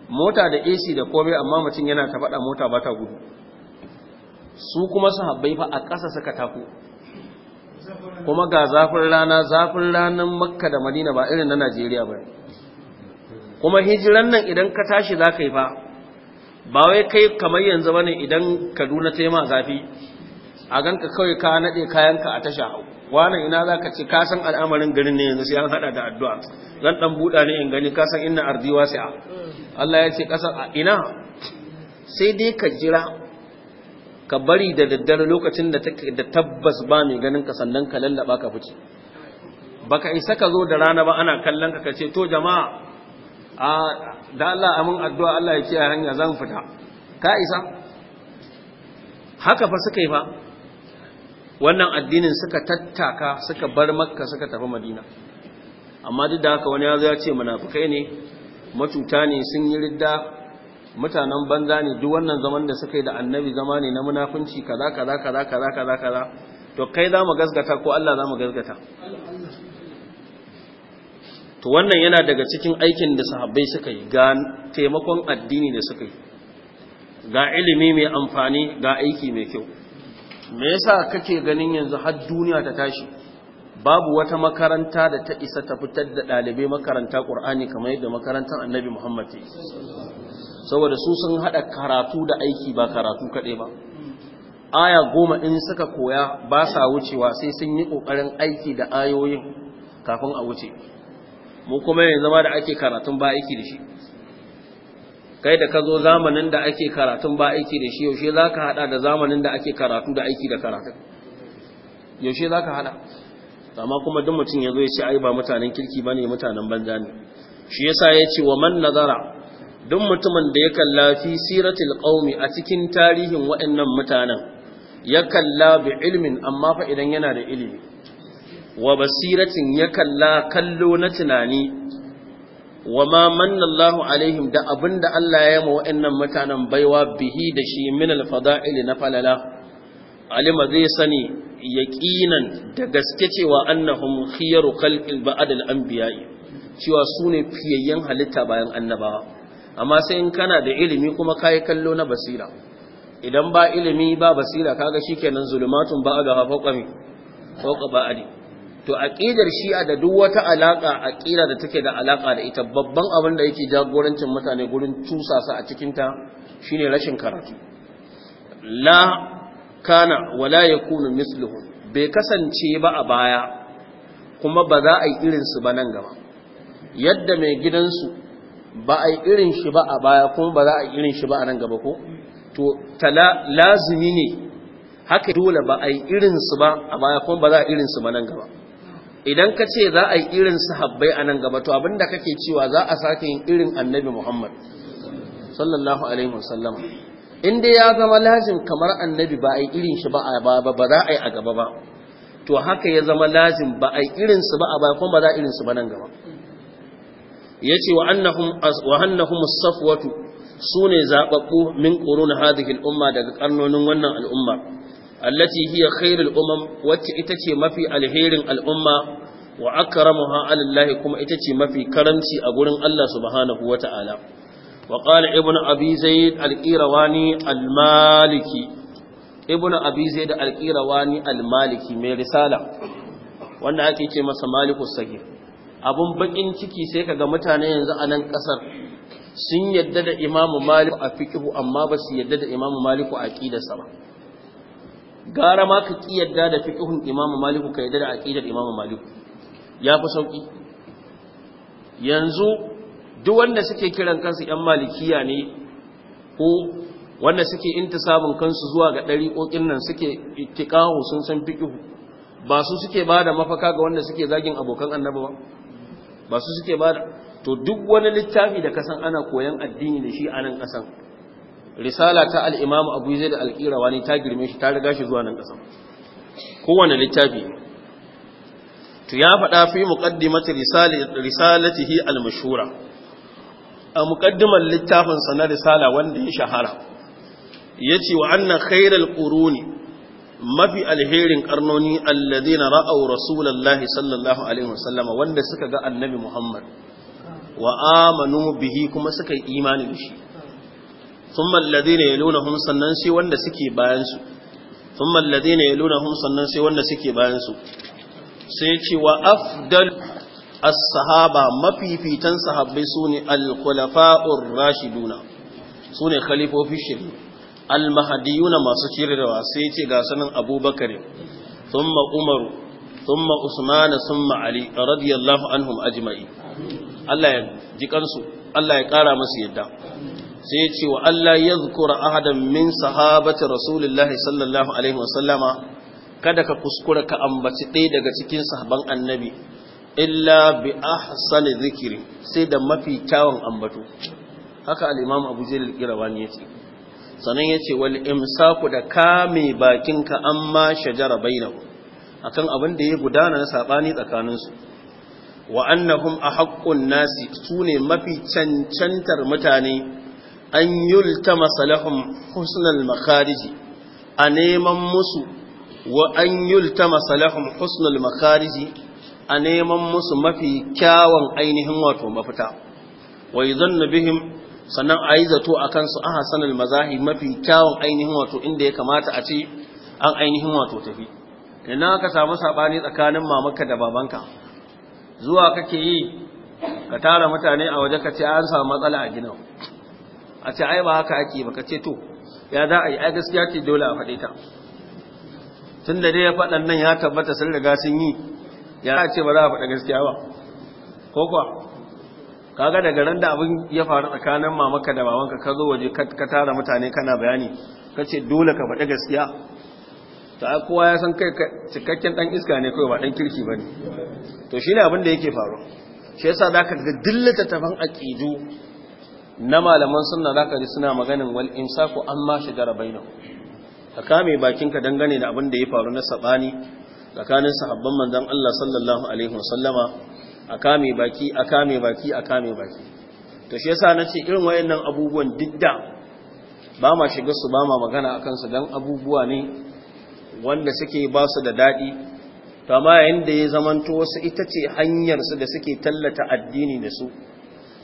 mota da ac da komai amma mutum yana ta faɗa mota ba ta gudu su kuma su habbai fa a ƙasa suka tafi kuma ga zafin rana zafin ranar makka da madina ba irin na najeriya ba kuma hijiran nan idan ka tashi za ka yi fa ba wai kai kamar yanzu ba ne idan kaduna ta yi ma zafi a ganka kawai ka naɗe kayanka a tasha hau wannan ina za ka ce kasan al'amarin garin ne yanzu sai an hada da addu'a zan dan buɗa ne in gani kasan inna ina ardi wasi'a Allah ya ce ƙasar a ina sai dai ka jira ka bari da daddare lokacin da take da tabbas ba mai ganin ka sannan ka lallaba ka fice baka isa ka zo da rana ba ana kallon ka kace to jama'a a da Allah amin addu'a Allah ya ce a hanya zan fita ka isa haka fa suka yi fa wannan addinin suka tattaka suka bar makka suka tafi madina amma duk da haka wani ya zo ya ce munafukai ne matuta ne sun yi ridda mutanen banza ne duk wannan zaman da suka yi da annabi zama ne na munafunci kaza kaza kaza kaza kaza kaza to kai za mu gasgata ko Allah za mu gasgata to wannan yana daga cikin aikin da sahabbai suka yi ga taimakon addini da suka yi ga ilimi mai amfani ga aiki mai kyau me yasa kake ganin yanzu har duniya ta tashi babu wata makaranta da ta isa ta fitar da ɗalibai makaranta qurani kamar yadda makarantar annabi muhammad ta saboda su sun haɗa karatu da aiki ba karatu kaɗai ba aya goma in suka koya ba sa wucewa sai sun yi ƙoƙarin aiki da ayoyin kafin a wuce mu kuma yanzu ma da ake karatun ba aiki da shi kai da ka zo zamanin da ake karatun ba aiki da shi yaushe za ka haɗa da zamanin da ake karatu da aiki da karatun yaushe za ka haɗa amma kuma duk mutum ya zo ya ce ai ba mutanen kirki ba ne mutanen banza ne shi yasa ya ce wa man nazara duk mutumin da ya kalla fi siratul qaumi a cikin tarihin waɗannan mutanen ya kalla bi ilmin amma fa idan yana da ilimi wa basiratin ya kalla kallo na tunani wa ma manna Allahu alaihim da abinda Allah ya yi wa'annan mutanen baiwa bihi da shi min al na falala alima zai sani yaƙinan da gaske cewa annahum khiyaru khalqil ba'd al-anbiya'i cewa sune fiyayyen halitta bayan annabawa amma sai in kana da ilimi kuma kai kallo na basira idan ba ilimi ba basira kaga shikenan zulumatun ba'da hafa qami fawqa to aqidar shi'a da duk wata alaka aqida da take da alaka da ita babban abin da yake jagorancin mutane gurin tusa su a cikin ta shine rashin karatu la kana wala yakunu misluhu bai kasance ba a baya kuma ba za a yi irin su ba nan gaba yadda mai gidansu ba a yi irin shi ba a baya kuma ba za a yi irin shi ba a nan gaba ko to tala lazimi ne haka dole ba a yi irin su ba a baya kuma ba za a yi irin su ba nan gaba idan ka ce za a yi irin sahabbai a nan gaba to abinda kake cewa za a sake yin irin annabi Muhammad sallallahu alaihi wasallam in dai ya zama lazim kamar annabi ba a yi irin shi ba a ba ba za a yi a gaba ba to haka ya zama lazim ba a yi irin su ba a ba kuma ba za irin su ba nan gaba yace wa annahum wa annahum as-safwatu sune zababbu min ƙorona hadhihi al-umma daga karnonin wannan al'umma allati hiya khairul umam wacce ita ce mafi alherin al'umma wa akramuha alallahi kuma ita ce mafi karanci a gurin Allah subhanahu wata'ala wa qala ibn abi zaid al-qirawani al-maliki ibn abi al-qirawani al-maliki mai risala wanda ake ce masa maliku sagir abun bakin ciki sai kaga mutane yanzu a nan kasar sun yadda da imamu maliku a fiqhu amma ba su yadda da imamu maliku a aqidarsa ba gara ma ka ki yadda da fiƙihun imamu maliku ka yadda da aƙidar imamu maliku ya fi sauƙi. yanzu duk wanda suke kiran kansu yan malikiya ne ko wanda suke inta sabon kansu zuwa ga ƙoƙin nan suke ittiqahu sun san fiƙihu. ba su suke bada mafaka ga wanda suke zagin abokan annabi ba ba su suke bada to duk wani littafi da kasan ana koyan addini da shi a nan kasan risala ta al'imamu abu zai da alƙirawa ne ta girme shi ta riga shi zuwa nan ƙasa kowane littafi to ya faɗa fi muƙaddimata risalatihi al-mashura a muƙaddimar littafinsa na risala wanda ya shahara ya ce wa annan khairar ƙuruni mafi alherin ƙarnoni alladina ra'au rasulallah sallallahu alaihi wasallama wanda suka ga annabi muhammad wa amanu bihi kuma suka yi imani da shi thumma alladhina yalunhum sannan sai wanda suke bayan su thumma alladhina yalunhum sannan sai wanda suke bayan su sai ce wa afdal as-sahaba mafifitan sahabbai sune al-khulafa'ur rashiduna sune khalifofi shiri al-mahdiyuna masu cirewa sai ce ga sanin abubakar thumma umaru thumma usman thumma ali radiyallahu anhum ajma'i Allah ya ji kansu Allah ya kara masu yadda sai ya ce wa Allah ya zukura ahadan min sahabati rasulullahi sallallahu alaihi wasallama kada ka kuskura ka ambaci ɗaya daga cikin sahaban annabi illa bi ahsani zikiri sai da mafi kyawun ambatu. haka Al'imam imam Abu Jahl al-Qirawani yace sanan yace wal imsaku da kame an amma shajara bainahu akan abin da ya gudana na saɓani tsakaninsu wa annahum haƙƙun nasi su ne mafi cancantar mutane an yultama salahum husnal makariji a neman musu wa an yultama salahum husnal makariji a neman musu mafi kyawun ainihin wato mafita wa zan bihim sannan a yi zato a kansu a hasanar mazahi mafi kyawun ainihin wato inda ya kamata a ce an ainihin wato tafi idan aka samu saɓani tsakanin mamanka da babanka zuwa kake yi ka tara mutane a waje ka ce an samu matsala a ginin. a ce ai ba haka ake ba ka ce to ya za a yi ai gaskiya ce dole a faɗe ta tun da dai ya faɗan nan ya tabbata sun riga sun yi ya ce ba za a faɗa gaskiya ba ko kuwa kaga daga ran da abin ya faru tsakanin mamaka da babanka ka zo waje ka tara mutane kana bayani ka ce dole ka faɗi gaskiya ta kowa ya san kai cikakken ɗan iska ne kai ba dan kirki ba ne to shi ne abin da yake faru shi yasa zaka ga dillata tafan aqidu na malaman sunna zaka ji suna maganin wal imsaku amma shajara bainahu ka kame bakinka dangane da abin da ya faru na sabani tsakanin sahabban manzon Allah sallallahu alaihi wasallama a kame baki a kame baki a kame baki to shi yasa nace irin wayannan abubuwan didda ba ma shiga su ba ma magana akan su dan abubuwa ne wanda suke ba su da dadi to amma yayin da ya zamanto wasu ita ce hanyar su da suke tallata addini da su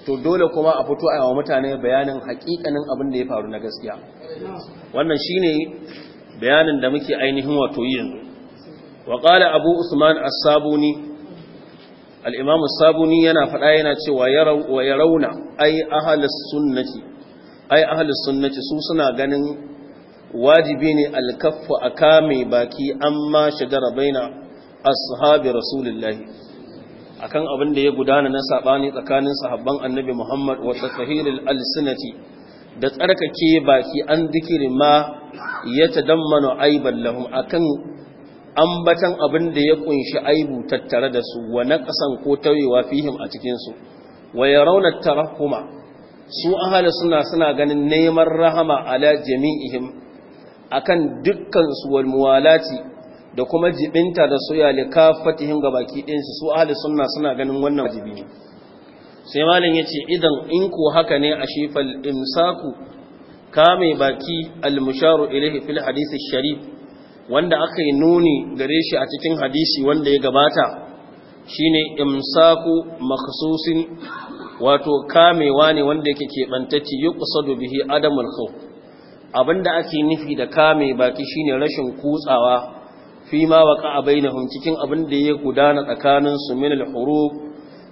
to dole kuma a fito a wa mutane bayanin hakikanin abin da ya faru na gaskiya wannan shine bayanin da muke ainihin wato yanzu wa abu usman as-sabuni al sabuni yana faɗa yana cewa wa yarawna ai ahlus sunnati ai ahlus sunnati su suna ganin wajibi ne al-kaffu akame baki amma shajara baina ashabi rasulillahi akan abin da ya gudana na sabani tsakanin sahabban annabi Muhammad wa al alsinati da tsarkake baki an zikiri ma ya tadammanu aiban lahum akan ambatan abin da ya kunshi aibu tattare da su wa kasan ko tawewa fihim a cikin su wa yarawna tarahuma su ahli suna suna ganin neman rahama ala jami'ihim akan dukkan su wal muwalati da kuma jibinta da soya likafatihim ga baki ɗinsu su ahli sunna suna ganin wannan wajibi ne sai malam yace idan in ko haka ne a shifal imsaku kame baki al-musharu fil Hadisi sharif wanda aka yi nuni gare shi a cikin hadisi wanda ya gabata shine imsaku makhsusin wato kamewa ne wanda yake keɓantacce yi bihi adamul khawf abinda ake nufi da kame baki shine rashin kutsawa fi ma waka a bainahum cikin abin da ya gudana tsakanin su min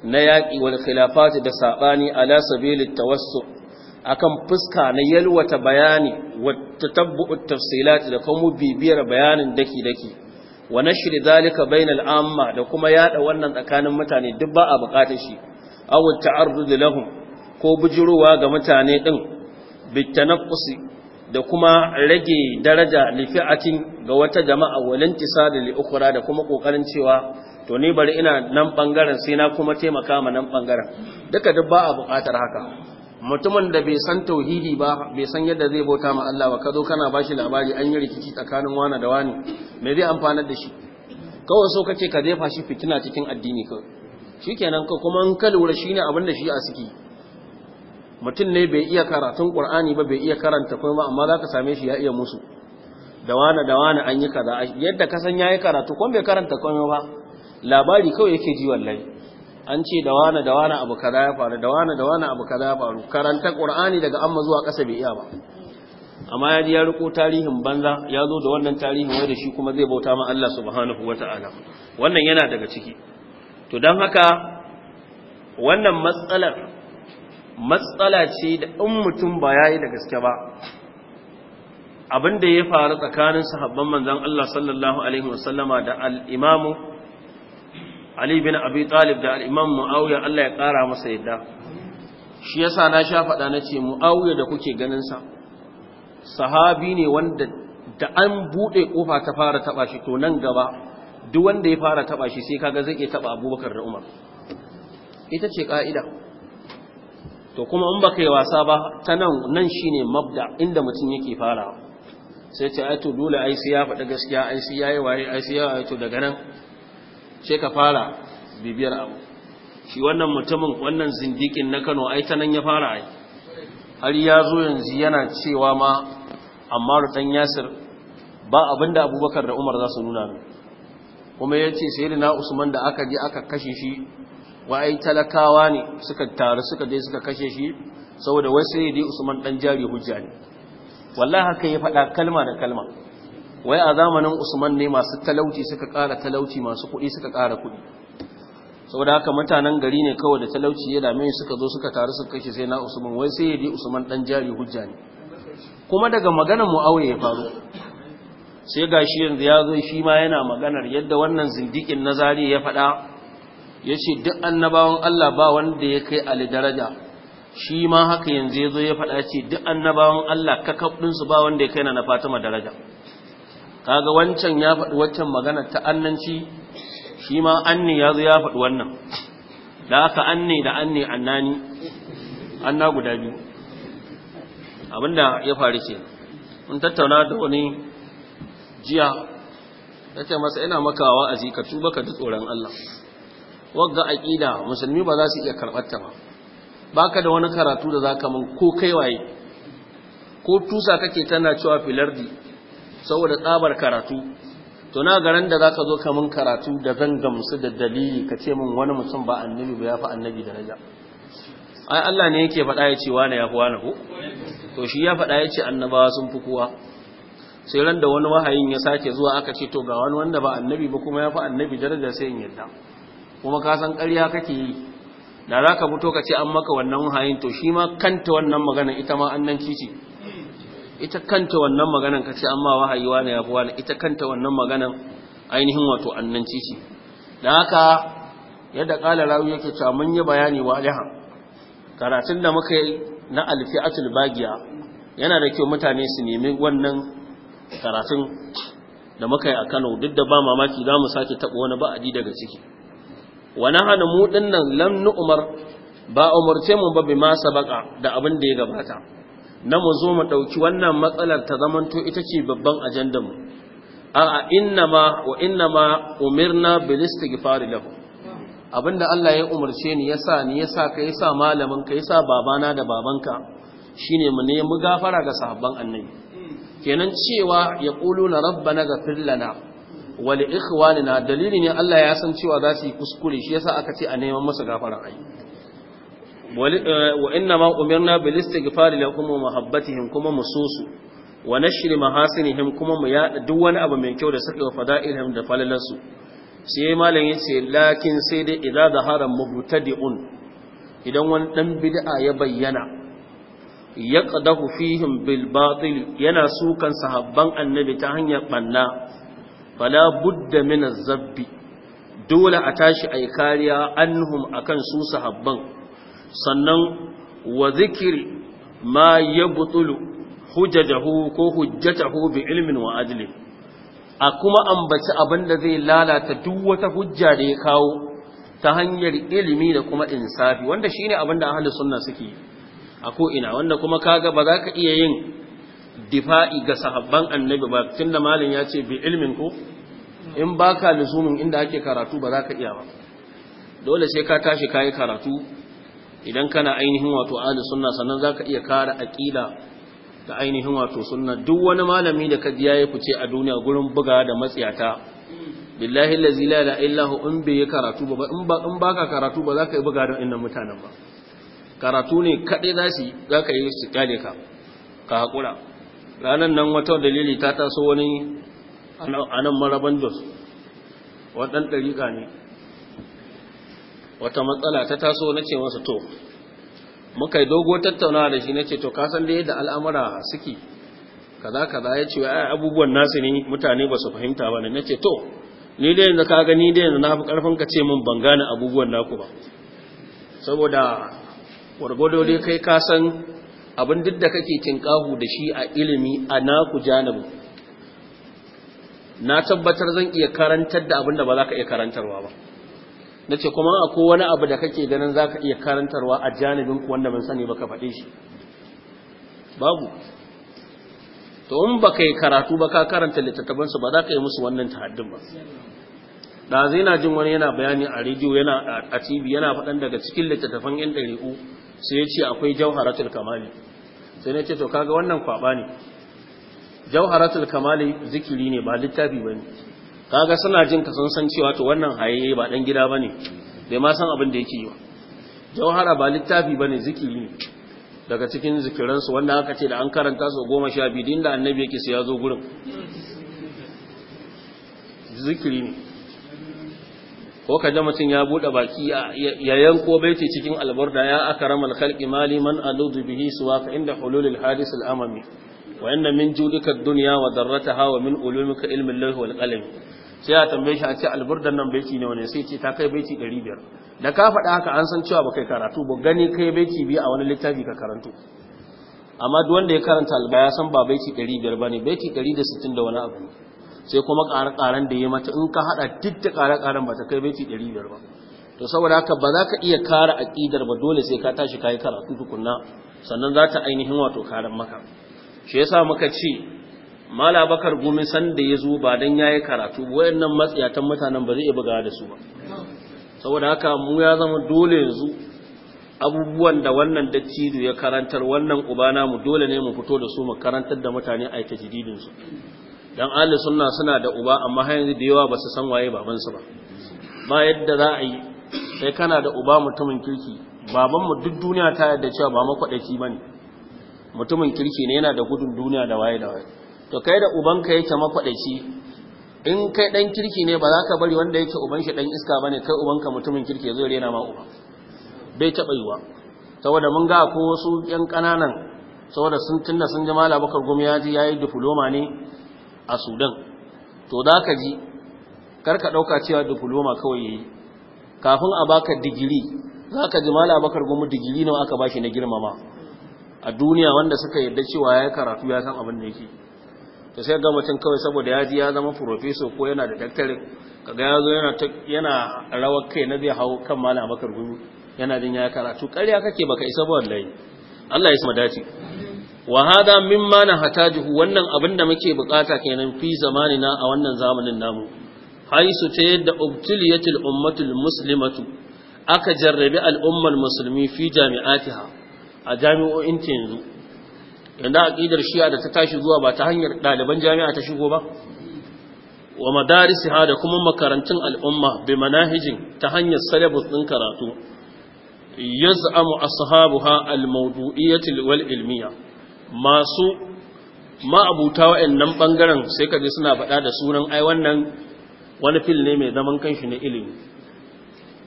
na yaƙi wani khilafati da saɓani ala sabilit tawassu kan fuska na yalwata bayani wata tatabbu'ut tafsilati da kuma bibiyar bayanin daki daki wa nashri zalika bai na al’amma da kuma yaɗa wannan tsakanin mutane duk ba a bukatar shi aw da lahun, ko bujirowa ga mutane din bitanaqqus da kuma rage daraja lifi'atin ga wata jama'a walin tisali da ukhra da kuma kokarin cewa to ni bari ina nan bangaren sai na kuma taimaka ma nan bangaren duka duk ba a buƙatar haka mutumin da bai san tauhidi ba bai san yadda zai bauta ma Allah ba kazo kana bashi labari an yi rikici tsakanin wani da wani me zai amfanar da shi kawai so kake ka jefa shi fitina cikin addini kawai shikenan ka kuma in ka lura shine abin da shi a suke mutum ne bai iya karatun ƙurani ba bai iya karanta kuma amma za ka same shi ya iya musu da wani da wani an yi kaza yadda ka san yi karatu ko bai karanta kuma ba labari kawai yake ji wallahi an ce da wani da wani abu kaza ya faru da wani da wani abu kaza ya faru karanta qur'ani daga amma zuwa ƙasa bai iya ba amma ya ji ya riko tarihin banza ya zo da wannan tarihin wanda shi kuma zai bauta ma Allah subhanahu wata'ala wannan yana daga ciki to dan haka wannan matsalar matsala ce da ɗan mutum ba ya yi da gaske ba abinda ya faru tsakanin sahabban manzan Allah sallallahu alaihi wasallama da al Ali bin Abi Talib da alimam imam Allah ya ƙara masa yadda shi ya sa na sha faɗa na ce muauya da kuke ganin sa sahabi ne wanda da an buɗe ƙofa ta fara taɓa shi to nan gaba duk wanda ya fara taɓa shi sai kaga zai iya taɓa abubakar da umar ita ce ƙa'ida to kuma in baka yi wasa ba ta nan nan ne mabda inda mutum yake fara sai ce ai to dole ai sai ya faɗi gaskiya ai sai yi waye ai sai yayi to daga nan sai ka fara bibiyar abu shi wannan mutumin wannan zindikin na Kano ai ta nan ya fara ai har ya zo yanzu yana cewa ma Ammar dan Yasir ba abinda Abubakar da Umar za su nuna min kuma yace na Usman da aka ji aka kashe shi wai talakawa ne suka taru suka je suka kashe shi saboda wai sai dai Usman dan jari hujja ne wallahi haka ya faɗa kalma da kalma wai a zamanin Usman ne masu talauci suka ƙara talauci masu kuɗi suka ƙara kuɗi saboda haka mutanen gari ne kawai da talauci ya dame suka zo suka taru suka kashe sai na Usman wai sai dai Usman dan jari hujja ne kuma daga maganar Muawiya ya faru sai gashi yanzu ya zo shi ma yana maganar yadda wannan zindikin na nazari ya faɗa ya ce duk annabawan Allah ba wanda ya kai ali daraja shi ma haka yanzu ya zo ya faɗa ce duk annabawan Allah kakabɗinsu ba wanda ya kai na na fatima daraja kaga wancan ya faɗi waccan magana ta annanci shi ma anni ya zo ya faɗi wannan da aka anni da anni annani anna guda biyu abinda ya faru ce mun tattauna da wani jiya ya ce masa ina maka wa'azi ka tuba ka ji tsoron Allah wagga aƙida musulmi ba za su iya karɓar ta ba ka da wani karatu da za ka mun ko kai waye ko tusa kake tana cewa filardi saboda tsabar karatu to na garan da za ka zo kamun karatu da zan gamsu da dalili ka ce min wani mutum ba annabi ba ya fi annabi daraja ai Allah ne yake faɗa ya ce wani yafi wani ko to shi ya faɗa ya ce annabawa sun fi kowa sai ran da wani wahayin ya sake zuwa aka ce to ga wani wanda ba annabi ba kuma yafi annabi daraja sai in yadda kuma ka san ƙarya kake yi da za ka fito ka ce an maka wannan hayin, to shi ma kanta wannan maganan ita ma annanci ce ita kanta wannan maganan ka ce an ma wahayi wani ya fi wani ita kanta wannan maganan ainihin wato annanci ce da haka yadda ƙala rawi yake cewa mun yi bayani wa alihan karatun da muka yi na alfi'atul bagiya yana da kyau mutane su nemi wannan karatun da muka yi a kano duk da ba mamaki za mu sake taɓa wani ba'adi daga ciki wa nahana mu dinnan lam nu'mar ba umarce mu ba bi ma sabaka da abin da ya gabata na mu zo mu dauki wannan matsalar ta zamanto ita ce babban ajandar mu a'a innama wa innama umirna bil istighfar lahu abinda Allah ya umarce ni yasa ni yasa kai yasa malamin kai yasa babana da babanka shine mu ne mu gafara ga sahabban annabi kenan cewa yaquluna rabbana ghfir lana wali na dalili ne Allah ya san cewa za su yi kuskure shi yasa aka ce a neman masa gafara ai eh, wa inna ma umirna bil istighfari lahum wa mahabbatihim kuma mususu wa nashri mahasinihim kuma mu yada duk wani abu mai kyau da suka fada'ilhum da falalansu sai malam yace lakin sai dai idza zahara mubtadi'un idan wani dan bid'a ya bayyana ya ƙadahu fihim bilbatil yana sukan sahabban annabi ta hanyar ɓanna fala budda min zabbi dole a tashi ai kariya anhum akan su sahabban sannan wa zikri ma yabtulu hujjajahu ko hujjatahu bi ilmin wa adli a kuma ambaci abinda zai lalata duk wata hujja da ya kawo ta hanyar ilimi da kuma insafi wanda shine abinda ahli sunna suke a ko ina wanda kuma kaga ba za ka iya yin difa'i ga sahabban annabi ba tunda malam ya ce bi ilmin ko in baka luzumin inda ake karatu ba za ka iya ba dole sai ka tashi kayi karatu idan kana ainihin wato ahli sunna sannan za ka iya kara aqida da ainihin wato sunna duk wani malami da ka ji ya fice a duniya gurin buga da matsiyata billahi allazi la ilaha illa hu in bai karatu ba in ba in baka karatu ba za ka yi buga da innan mutanen ba karatu ne kadai za su za ka yi su kyale ka ka hakura ranar nan wata dalili ta taso wani a maraban jos waɗan ɗariƙa ne wata matsala ta taso na ce masa to muka yi dogo tattaunawa da shi na ce to kasan da yadda al'amura suke kaza kaza ya ce ai abubuwan nasu ne mutane ba su fahimta ba ne na ce to ni da yanzu ka gani dai yanzu na fi ƙarfin ka ce min ban gane abubuwan naku ba saboda gwargwado dai kai ka san. abin duk da kake tinkahu da shi a ilimi a naku janabu na tabbatar zan iya karantar da abin da ba za ka iya karantarwa ba na ce kuma a wani abu da kake ganin za ka iya karantarwa a janabin ku wanda ban sani ba ka faɗe shi babu to in ba ka yi karatu ba ka karanta littattafansu ba za ka yi musu wannan ta'addin ba da zai na jin wani yana bayani a rediyo yana a tv yana faɗan daga cikin littattafan yan ɗari'u sai ya ce akwai jauharatul kamali sai na ce to kaga wannan kwaba ne jauharatul kamali zikiri ne ba littafi ba ne kaga suna jin ka sun san cewa to wannan hayaye ba dan gida ba ne bai ma san abin da yake yi ba jauhara ba littafi ba ne zikiri ne daga cikin zikiransu wanda aka ce da an karanta su goma sha biyu da annabi yake sai ya zo gurin zikiri ne ko ka mutum ya buɗe baki ya yanko baiti cikin albarda ya aka ramal khalqi mali man aludu bihi suwa fa inda hululil hadis amami. wa inna min judika ad-dunya wa darrataha wa min ulumika ilmi al wal qalam sai a tambaye shi a ce alburdan nan baiti ne wani sai ce ta kai baiti 500 da ka faɗa haka an san cewa baka karatu ba gani kai baiti biyu a wani littafi ka karanto amma duk wanda ya karanta alba ya san ba baiti 500 bane baiti 160 da wani abu sai kuma ƙara ƙaran da ya mata in ka haɗa duk da ƙara ƙaran ba ta kai baiti ɗari biyar ba to saboda haka ba za ka iya kara aƙidar ba dole sai ka tashi kayi karatu tukunna sannan za ta ainihin wato karan maka shi yasa muka ce mala bakar gumi san ya zo ba dan yayi karatu wayannan matsiyatan mutanen ba zai iya bugawa da su ba saboda haka mu ya zama dole yanzu abubuwan da wannan dattijo ya karantar wannan ubana mu dole ne mu fito da su mu karantar da mutane a ta jididin su dan ahli sunna suna da uba amma har yanzu da yawa ba su san waye baban su ba ba yadda za a yi sai kana da uba mutumin kirki baban mu duk duniya ta yadda cewa ba ba bane mutumin kirki ne yana da gudun duniya da waye da waye to kai da ubanka yake makwadaci in kai dan kirki ne ba za ka bari wanda yake uban shi dan iska bane kai ubanka mutumin kirki Zai rena ma uba bai taɓa yiwa saboda mun ga ko wasu yan kananan saboda sun tunna sun ji mala bakar gumi ya ji yayi diploma ne a sudan to za ka ji karka ɗauka cewa diploma kawai ya yi kafin a baka digiri za ka ji mala bakar gomu digiri nawa aka bashi na girmama a duniya wanda suka yarda cewa ya karatu ya san abin da yake to sai ga mutum kawai saboda ya ji ya zama professor ko yana da daktarin kaga ya zo yana rawar kai na zai hau kan mala bakar gomu yana jin ya karatu ƙarya kake baka isa ba wallahi Allah ya sa dace wa hada mimma na hatajuhu wannan abin da muke bukata kenan fi zamanina a wannan zamanin namu haisu ta yadda ubtiliyatul ummatul muslimatu aka jarrabi al'ummar musulmi fi jami'atiha a jami'o'in ta yanzu yanda aqidar shi'a da ta tashi zuwa ba ta hanyar daliban jami'a ta shigo ba wa madarisiha da kuma makarantun al'umma bi manahijin ta hanyar salabus ɗin karatu yaz'amu ashabuha al-mawdu'iyyati wal ilmiyya masu ma'abuta wa'annan ɓangaren sai kaji suna faɗa da sunan ai wannan wani fil ne mai zaman kanshi na ilimi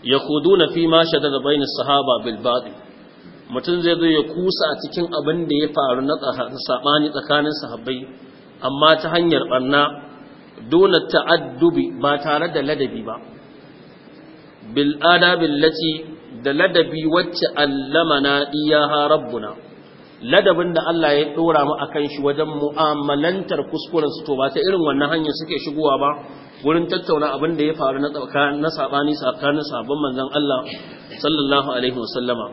Ya kudu na fi ma da bayanin sahaba bil mutum zai zo ya kusa a cikin abin da ya faru na saɓani tsakanin sahabbai amma ta hanyar barna dole ta'addubi ba tare da ladabi ba bil'ada adabil da ladabi wacce allama na iya rabbuna ladabin da Allah ya dora mu akan shi wajen mu'amalantar kuskuren su to ba ta irin wannan hanya suke shigowa ba wurin tattauna abin da ya faru na tsakanin na sabani tsakanin sabon manzon Allah sallallahu alaihi wasallama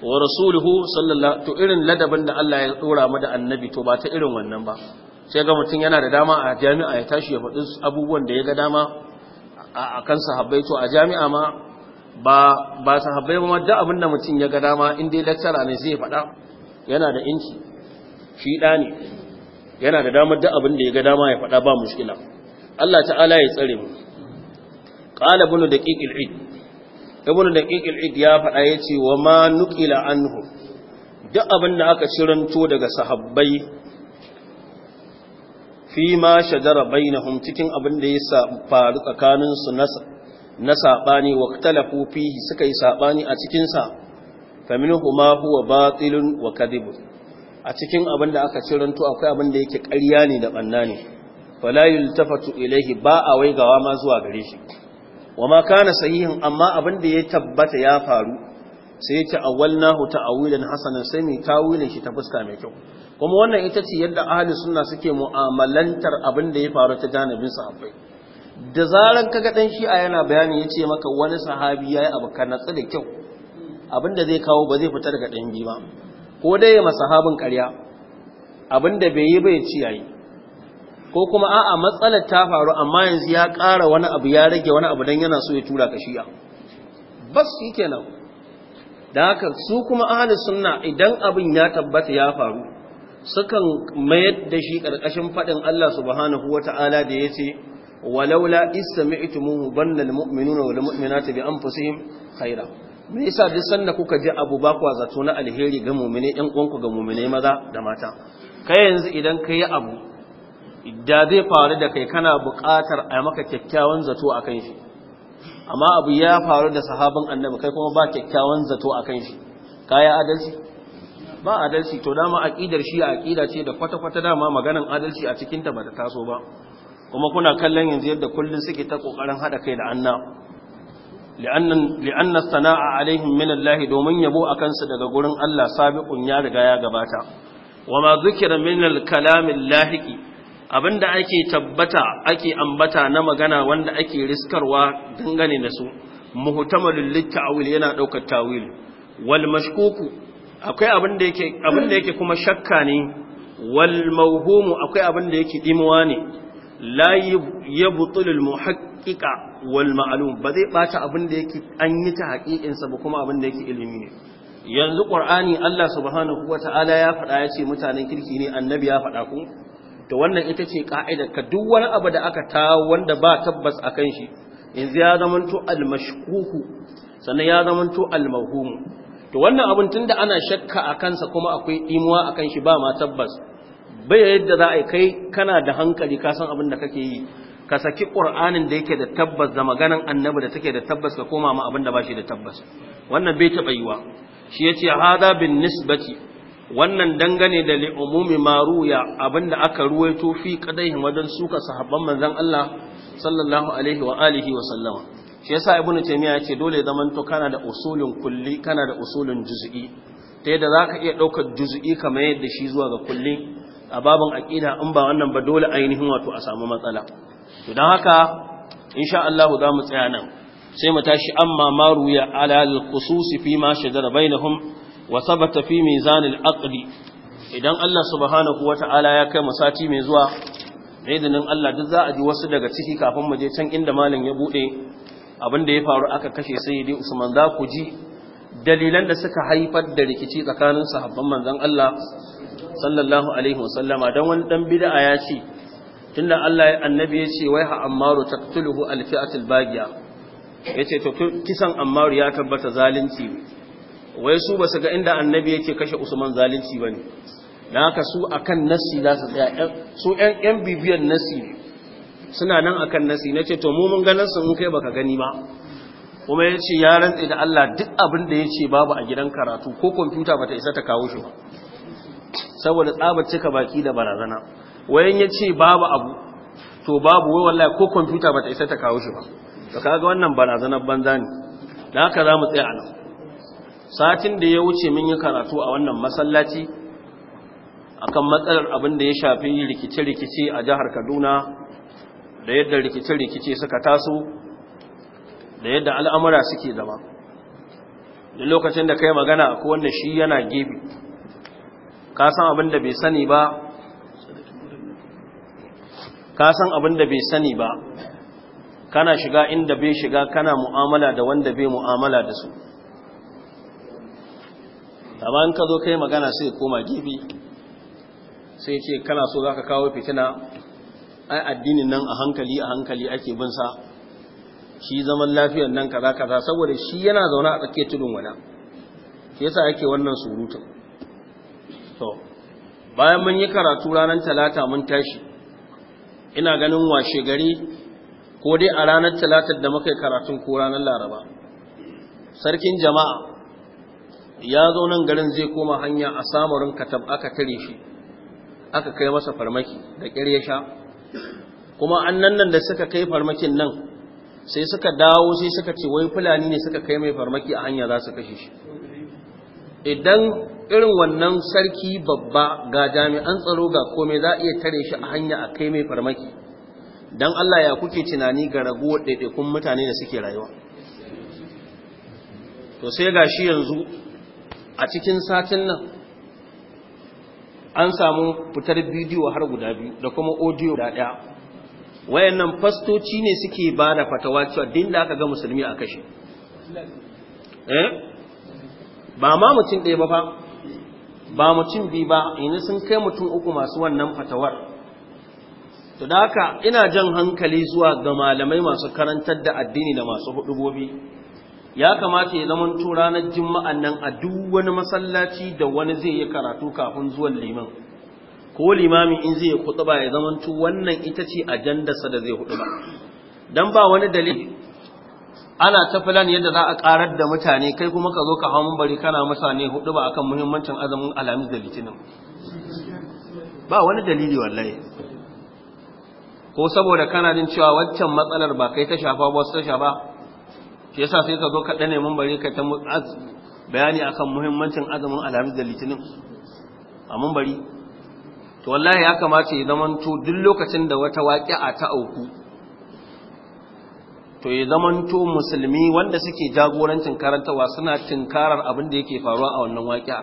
wa rasuluhu sallallahu to irin ladabin da Allah ya dora mu da annabi to ba ta irin wannan ba sai ga mutum yana da dama a jami'a ya tashi ya faɗi abubuwan da ya ga dama a kan sahabbai to a jami'a ma ba sahabbai ma duk abin da mutum ya ga dama in dai lecturer ne zai faɗa yana da inci shi ne yana da damar da abin da ya ga dama ya faɗa ba mushkila Allah ta'ala ya tsare mu qala bunu daqiq al-id ibn daqiq id ya faɗa yace wa ma nuqila anhu duk abin da aka ciranto daga sahabbai fi ma shajara bainahum cikin abin da ya faru tsakanin su na saɓani waqtalafu fihi suka yi sabani a cikin sa faminuhu ma huwa batilun wa kadhib a cikin abin da aka ranto akwai abin da yake ƙarya ne da banna ne fala yultafatu ilayhi ba a waigawa ma zuwa gare shi wa ma kana sahihin amma abin da ya tabbata ya faru sai ya ta'awwalnahu ta'wilan hasanan sai mai tawilin shi ta fuska mai kyau kuma wannan ita ce yadda ahli sunna suke mu'amalantar abin da ya faru ta janibin sahabbai da zaran kaga dan shi'a yana bayani yace maka wani sahabi yayi abu kana da kyau abinda zai kawo ba zai fita daga ɗan biyu ba ko dai ya masahabin ƙarya abinda bai yi bai ci yayi ko kuma a'a matsalar ta faru amma yanzu ya ƙara wani abu ya rage wani abu don yana so ya tura ka shi'a bas kenan dan haka su kuma ahli sunna idan abin ya tabbata ya faru sukan mayar da shi ƙarƙashin faɗin Allah subhanahu Ta'ala da ya ce, yace ولولا إذ سمعتموه ظن المؤمنون والمؤمنات بأنفسهم خيرا me yasa duk sanda kuka ji abu ba zato na alheri ga mumine ɗan uwanku ga mumine maza da mata kai yanzu idan ka yi abu da zai faru da kai kana buƙatar a maka kyakkyawan zato a kan shi amma abu ya faru da sahabin annabi kai kuma ba kyakkyawan zato a kan shi kaya adalci ba adalci to dama aƙidar shi aƙida ce da kwata-kwata dama maganan adalci a cikinta ba ta taso ba kuma kuna kallon yanzu yadda kullum suke ta ƙoƙarin haɗa kai da anna لأن sana'a عليهم من الله domin yabo أكنس دقورن daga سابق Allah sabiqun ya riga ya gabata الكلام zikira min lahiki abinda ake tabbata ake ambata na magana wanda ake riskarwa dangane da su muhtamalul litta'wil yana daukar tawil wal mashkuku akwai abinda yake abinda yake kuma shakka ne wal mawhumu akwai abinda yake dimuwa ne la yabtulul muhaqq haƙiƙa wal ma'alum ba zai ɓata abin da yake an yi ta haƙiƙinsa ba kuma abin da yake ilimi ne yanzu ƙur'ani Allah subhanahu wa ta'ala ya faɗa ya ce mutanen kirki ne annabi ya faɗa ku to wannan ita ce ka'idar ka duk wani abu da aka ta wanda ba tabbas a kan shi yanzu ya zamanto almashkuku sannan ya zamanto almahum to wannan abun tunda ana shakka a kansa kuma akwai imuwa a shi ba ma tabbas bai yadda za a kai kana da hankali ka san abin da kake yi ka saki qur'anin da yake da tabbas da maganan annabi da take da tabbas ka koma ma abin da shi da tabbas wannan bai taɓa yiwa shi yace hada bin nisbati wannan dangane da li'umumi umumi abin abinda aka ruwaito fi kadai wajen suka sahabban manzon Allah sallallahu alaihi wa alihi wa sallama shi yasa ibnu taymiya yace dole zaman to kana da usulun kulli kana da usulun juz'i ta yadda zaka iya daukar juz'i kamar yadda shi zuwa ga kulli a babin aƙida in ba wannan ba dole ainihin wato a samu matsala to don haka insha Allah za mu tsaya nan sai mu tashi amma maru ya ala al-khususi fi ma shajara bainahum wa sabata fi mizan al-aqli idan Allah subhanahu wata'ala ya kai sati mai zuwa da idanin Allah duk za a ji wasu daga ciki kafin mu je can inda malam ya bude abin da ya faru aka kashe sai sayyidi Usman za ku ji dalilan da suka haifar da rikici tsakanin sahabban manzon Allah sallallahu alaihi wasallama dan wani dan bid'a ya ce tunda Allah ya annabi ya ce wai ha ammaru taqtuluhu alfi'at bagiya yace to kisan ammaru ya tabbata zalunci wai su basu ga inda annabi yake kashe usman zalunci bane dan haka su akan nasi za su tsaya su ɗan ɗan bibiyan nasi suna nan akan nasi nace to mu mun ganin su mun kai baka gani ba kuma yace ya rantsi da Allah duk abin da yace babu a gidan karatu ko kwamfuta bata isa ta kawo shi ba saboda tsabar cika baki da barazana wayan ya ce babu abu to babu wai wallahi ko kwamfuta ba ta isa ta kawo shi ba to kaga wannan barazanar banza ne da haka za mu tsaya a nan satin da ya wuce min yi karatu a wannan masallaci akan matsalar abin da ya shafi rikice-rikice a jihar kaduna da yadda rikice-rikice suka taso da yadda al'amura suke zama duk lokacin da kai magana ko wannan shi yana gefe ka san abin da bai sani ba ka san abin da bai sani ba kana shiga inda bai shiga kana mu'amala da wanda bai mu'amala da su amma in ka zo kai magana sai koma gibi sai ce kana so zaka kawo fitina ai addinin nan a hankali a hankali ake bin sa shi zaman lafiyar nan kaza kaza saboda shi yana zaune a tsakiyar tudun wani shi yasa ake wannan surutun to bayan mun yi karatu ranar talata mun tashi ina ganin washe gari ko dai a ranar talatar da muka yi karatun ko ranar laraba sarkin jama'a ya zo nan garin zai koma hanya a samarin katab aka tare shi aka kai masa farmaki da ƙyar sha kuma annan nan da suka kai farmakin nan sai suka dawo sai suka ce wai fulani ne suka kai mai farmaki a hanya za su kashe shi idan irin wannan sarki babba ga jami'an tsaro ga komai za a iya tare shi a hanya a kai mai farmaki don Allah ya kuke tunani ga raguwar ɗaiɗaikun mutane da suke rayuwa to sai ga shi yanzu a cikin satin nan an samu fitar bidiyo har guda biyu da kuma odiyo da ɗaya wayannan fastoci ne suke ba da fatawa cewa din da aka ga musulmi a kashe eh? ba ma mutum ɗaya ba fa ba mutum biyu ba ina sun kai mutum uku masu wannan fatawar to da haka ina jan hankali zuwa ga malamai masu karantar da addini da masu hudu gobe ya kamata ya zama to ranar juma'an nan a duk wani masallaci da wani zai yi karatu kafin zuwan liman ko limami in zai kutuba ya zama to wannan ita ce ajandarsa da zai hudu ba dan ba wani dalili ana ta filan yadda za a karar da mutane kai kuma ka zo ka hau bari kana ne hudu ba akan muhimmancin azumin alamis da litinin ba wani dalili wallahi ko saboda kana jin cewa waccan matsalar ba kai ta shafa ba ta shafa shi yasa sai ka zo ka dane mun bari ka ta bayani akan muhimmancin azumin alamis da litinin a mun bari to wallahi ya kamata ya to duk lokacin da wata waƙi'a ta auku to ya zamanto musulmi wanda suke jagorancin karantawa suna tinkarar abin da yake faruwa a wannan waƙiya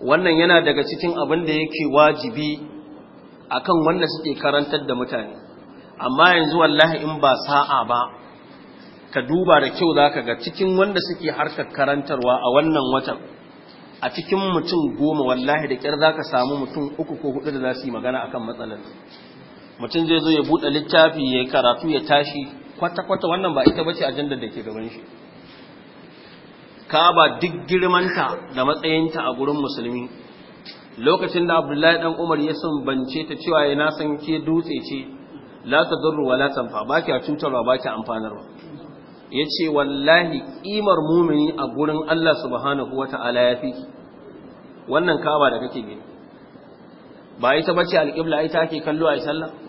wannan yana daga cikin abin da yake wajibi akan wanda suke karantar da mutane amma yanzu wallahi in ba sa'a ba ka duba da kyau zaka ga cikin wanda suke harkar karantarwa a wannan watan a cikin mutum goma wallahi da kyar zaka samu mutum uku ko hudu da za su yi magana akan matsalar mutum zai zo ya buɗe littafi ya karatu ya tashi kwata-kwata wannan ba ita bace ajandar da ke gaban shi kaba duk girmanta da matsayinta a gurin musulmi lokacin da abdullahi dan umar ya sumbance ta cewa ya eh, na san ke dutse ce la tadurru wa la tanfa ba ki cutarwa ba ki amfanarwa yace wallahi kimar mumini a gurin Allah subhanahu wataala yafi wannan ba da kake gani ba ita bace alqibla ita ake kallo a sallah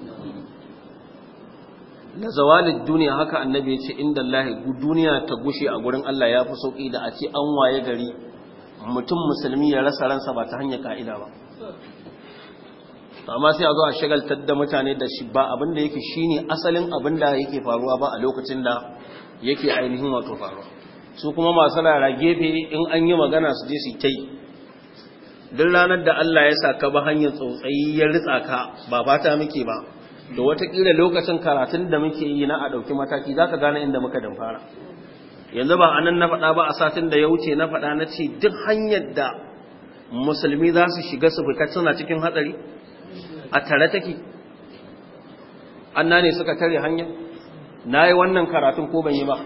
la zawalid duniya haka annabi ya ce inda Allah duniya ta gushe a gurin Allah ya fi sauki da a ce an waye gari mutum musulmi ya rasa ransa ba ta hanyar ka'ida ba amma sai a zo a shagaltar da mutane da shi ba abin da yake ne asalin abin da yake faruwa ba a lokacin da yake ainihin wato faruwa su kuma masu rara gefe in an yi magana su je su ta yi duk ranar da Allah ya sa ka ba hanyar tsautsayi ya ritsa ka ba fata muke ba da watakila lokacin karatun da muke yi na a ɗauki mataki za ka gane inda muka damfara yanzu ba anan na faɗa ba a satin da ya wuce na faɗa na ce duk hanyar da musulmi za su shiga su fita suna cikin hatsari a tare take anna ne suka tare hanya na yi wannan karatun ko ban yi ba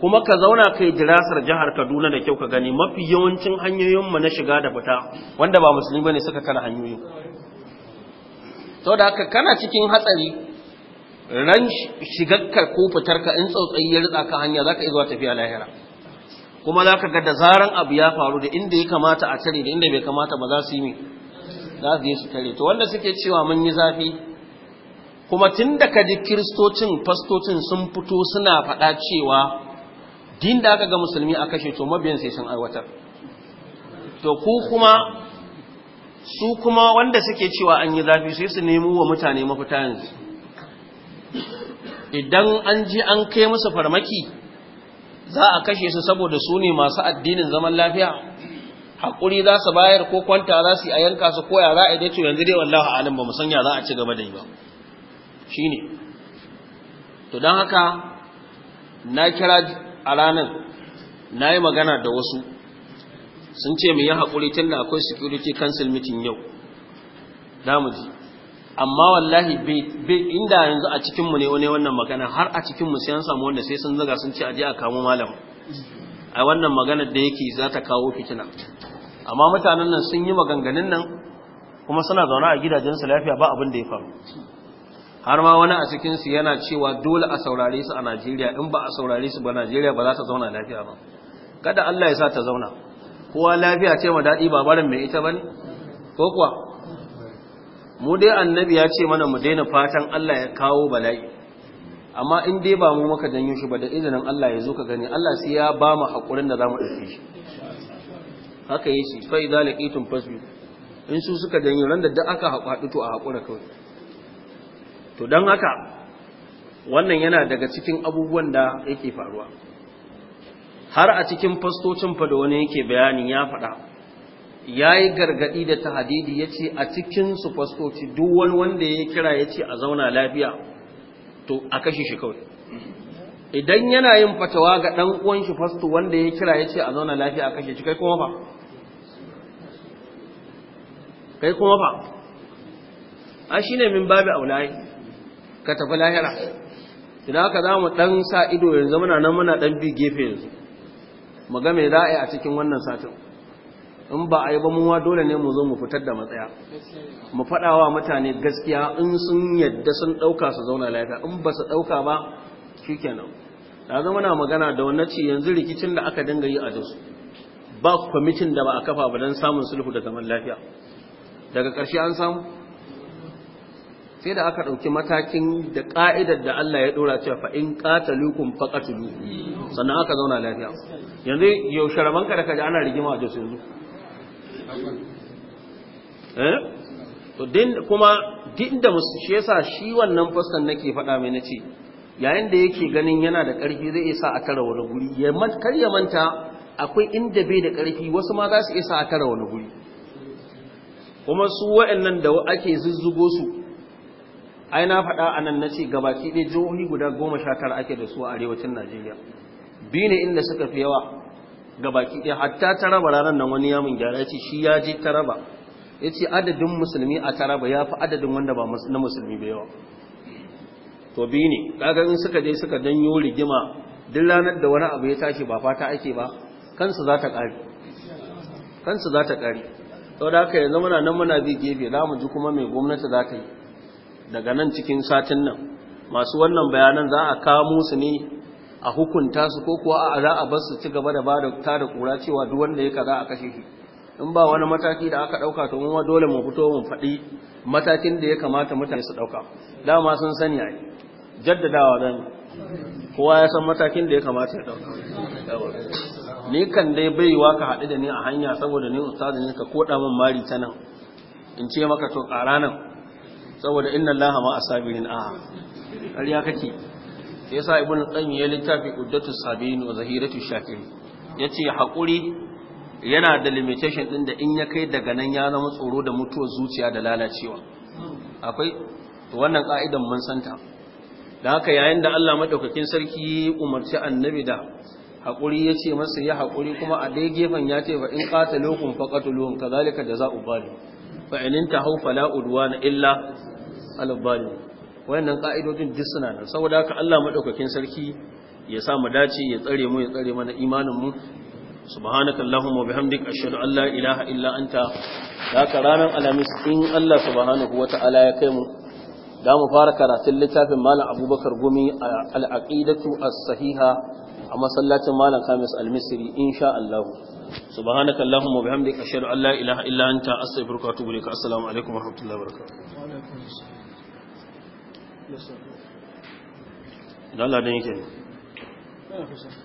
kuma ka zauna kai dirasar jihar kaduna da kyau ka gani mafi yawancin hanyoyinmu na shiga da fita wanda ba musulmi ba ne suka tare hanyoyin da haka kana cikin hatsari ran shigarka ko fitarka in tsautsayi ya ritsa ka hanya zaka zuwa tafiya lahira kuma zaka ga da zaran abu ya faru da inda ya kamata a tare da inda bai kamata ba za su yi mi za su yi su tare to wanda suke cewa mun yi zafi kuma tun da ka ji kiristocin fastocin sun fito suna faɗa cewa din da aka ga musulmi a kashe to mabiyan sai sun aiwatar to ku kuma su kuma wanda suke cewa an yi zafi sai su nemo wa mutane mafita yanzu idan an ji an kai musu farmaki za a kashe su saboda su ne masu addinin zaman lafiya haƙuri za su bayar ko kwanta za su yi a yanka su koya za a dace yanzu dai wallahi alim ba mu sanya za a ci gaba da yi ba Shi ne. to don haka na kira a ranar na yi magana da wasu sun ce mu yi haƙuri tun da akwai security council meeting yau damu ji amma wallahi bai inda yanzu a cikinmu ne wani wannan magana har a cikinmu sai an samu wanda sai sun zaga sun ce aje a kamo malam a wannan maganar da yake za ta kawo fitina amma mutanen nan sun yi maganganun nan kuma suna zaune a gidajensu lafiya ba abin da ya faru har ma wani a cikinsu yana cewa dole a saurare su a najeriya in ba a saurare su ba najeriya ba za ta zauna lafiya ba kada allah ya sa ta zauna kowa lafiya ce ma daɗi ba barin mai ita bane ko kuwa mu dai annabi ya ce mana mu daina fatan Allah ya kawo bala'i amma in dai ba mu maka janyo shi ba da izinin Allah ya zo ka gani Allah sai ya ba mu haƙurin da za mu ɗauke shi haka yi shi fa idza laqitum fasbi in su suka janyo ran da duk aka haƙu to a haƙura kawai to dan haka wannan yana daga cikin abubuwan da yake faruwa har a cikin fastocin fa da wani yake bayani ya faɗa ya yi gargaɗi da tahadidi ya ce a cikin su fastoci duk wani wanda ya kira ya ce a zauna lafiya to a kashe shi kawai idan yana yin fatawa ga ɗan uwan shi fasto wanda ya kira ya ce a zauna lafiya a kashe shi kai kuma fa? kai kuma fa a shi ne min babi aulayi ka tafi lahira idan haka za mu ɗan sa ido yanzu muna nan muna ɗan bi gefe yanzu mu ga me za a yi a cikin wannan satin in ba a yi ba muwa dole ne mu zo mu fitar da matsaya mu faɗa wa mutane gaskiya in sun yadda sun ɗauka su zauna lafiya in ba su ɗauka ba shikenan da zama na magana da wannan ci yanzu rikicin da aka dinga yi a jos ba kwamitin da ba a kafa ba don samun sulhu da zaman lafiya daga ƙarshe an samu sai da aka ɗauki matakin da ƙa'idar da Allah ya ɗora cewa fa in qatalukum sannan aka zauna lafiya yanzu yau sharaman ka da kaji ana rigima a Jos yanzu eh to din kuma din da musu shi yasa shi wannan fuskan nake faɗa mai nace yayin da yake ganin yana da ƙarfi zai isa a tara wani guri kar ya manta akwai inda bai da ƙarfi wasu ma za su isa a tara wani guri kuma su wa'annan da ake zuzzugo su ai na faɗa anan nan na ce gabaki dai jihohi guda goma ake da su a arewacin najeriya Bi ne inda suka fi yawa gabaki dai hatta taraba ranar nan wani yamin gyara ce shi ya je taraba ya adadin musulmi a taraba ya fi adadin wanda ba na musulmi ba yawa to bi ne kaga in suka je suka danyo rigima duk ranar da wani abu ya tashi ba fata ake ba kansu za ta ƙare kansu za ta ƙare To da haka yanzu muna nan muna bi gefe za mu ji kuma mai gwamnati za ta yi daga nan cikin satin nan masu wannan bayanan za a kamo su ne a hukunta su ko kuwa a za a basu ci gaba da ba da da kura cewa duk wanda ya kaza a kashe shi in ba wani mataki da aka dauka to kuma dole mu fito mu faɗi matakin da ya kamata mutane su dauka dama sun sani ai jaddadawa dan kowa ya san matakin da ya kamata ya dauka ni kan dai baiwa ka haɗu da ni a hanya saboda ni ustazi ne ka koda min mari ta nan in ce maka to ƙara nan saboda inna allaha ma asabirin a ƙarya kake sai yasa ibn ɗan ya littafi uddatu sabirin wa zahiratu ya ce haƙuri yana da limitation ɗin da in ya kai daga nan ya zama tsoro da mutuwar zuciya da lalacewa akwai wannan ka'idan mun santa da haka yayin da Allah maɗaukakin sarki umarci annabi da haƙuri ya ce masa ya haƙuri kuma a dai gefen ya ce ba in ƙata lokun faƙatuluhun ka zalika da za'u bari fa'inin ta hau fala'uduwa na illa ala zalim wayannan ka'idodin duk suna nan saboda haka Allah madaukakin sarki ya sa mu dace ya tsare mu ya tsare mana imanin mu subhanaka allahumma bihamdika ashhadu an la ilaha illa anta Da, ka ranar alamis in Allah subhanahu wata'ala ya kai mu da mu fara karatun littafin malam abubakar gumi al-aqidatu as-sahiha a masallacin malam kamis al-misri insha Allah subhanaka allahumma bihamdika ashhadu an la ilaha illa anta astaghfiruka wa atubu ilaik assalamu alaikum wa rahmatullahi wa barakatuh Allah don yake ne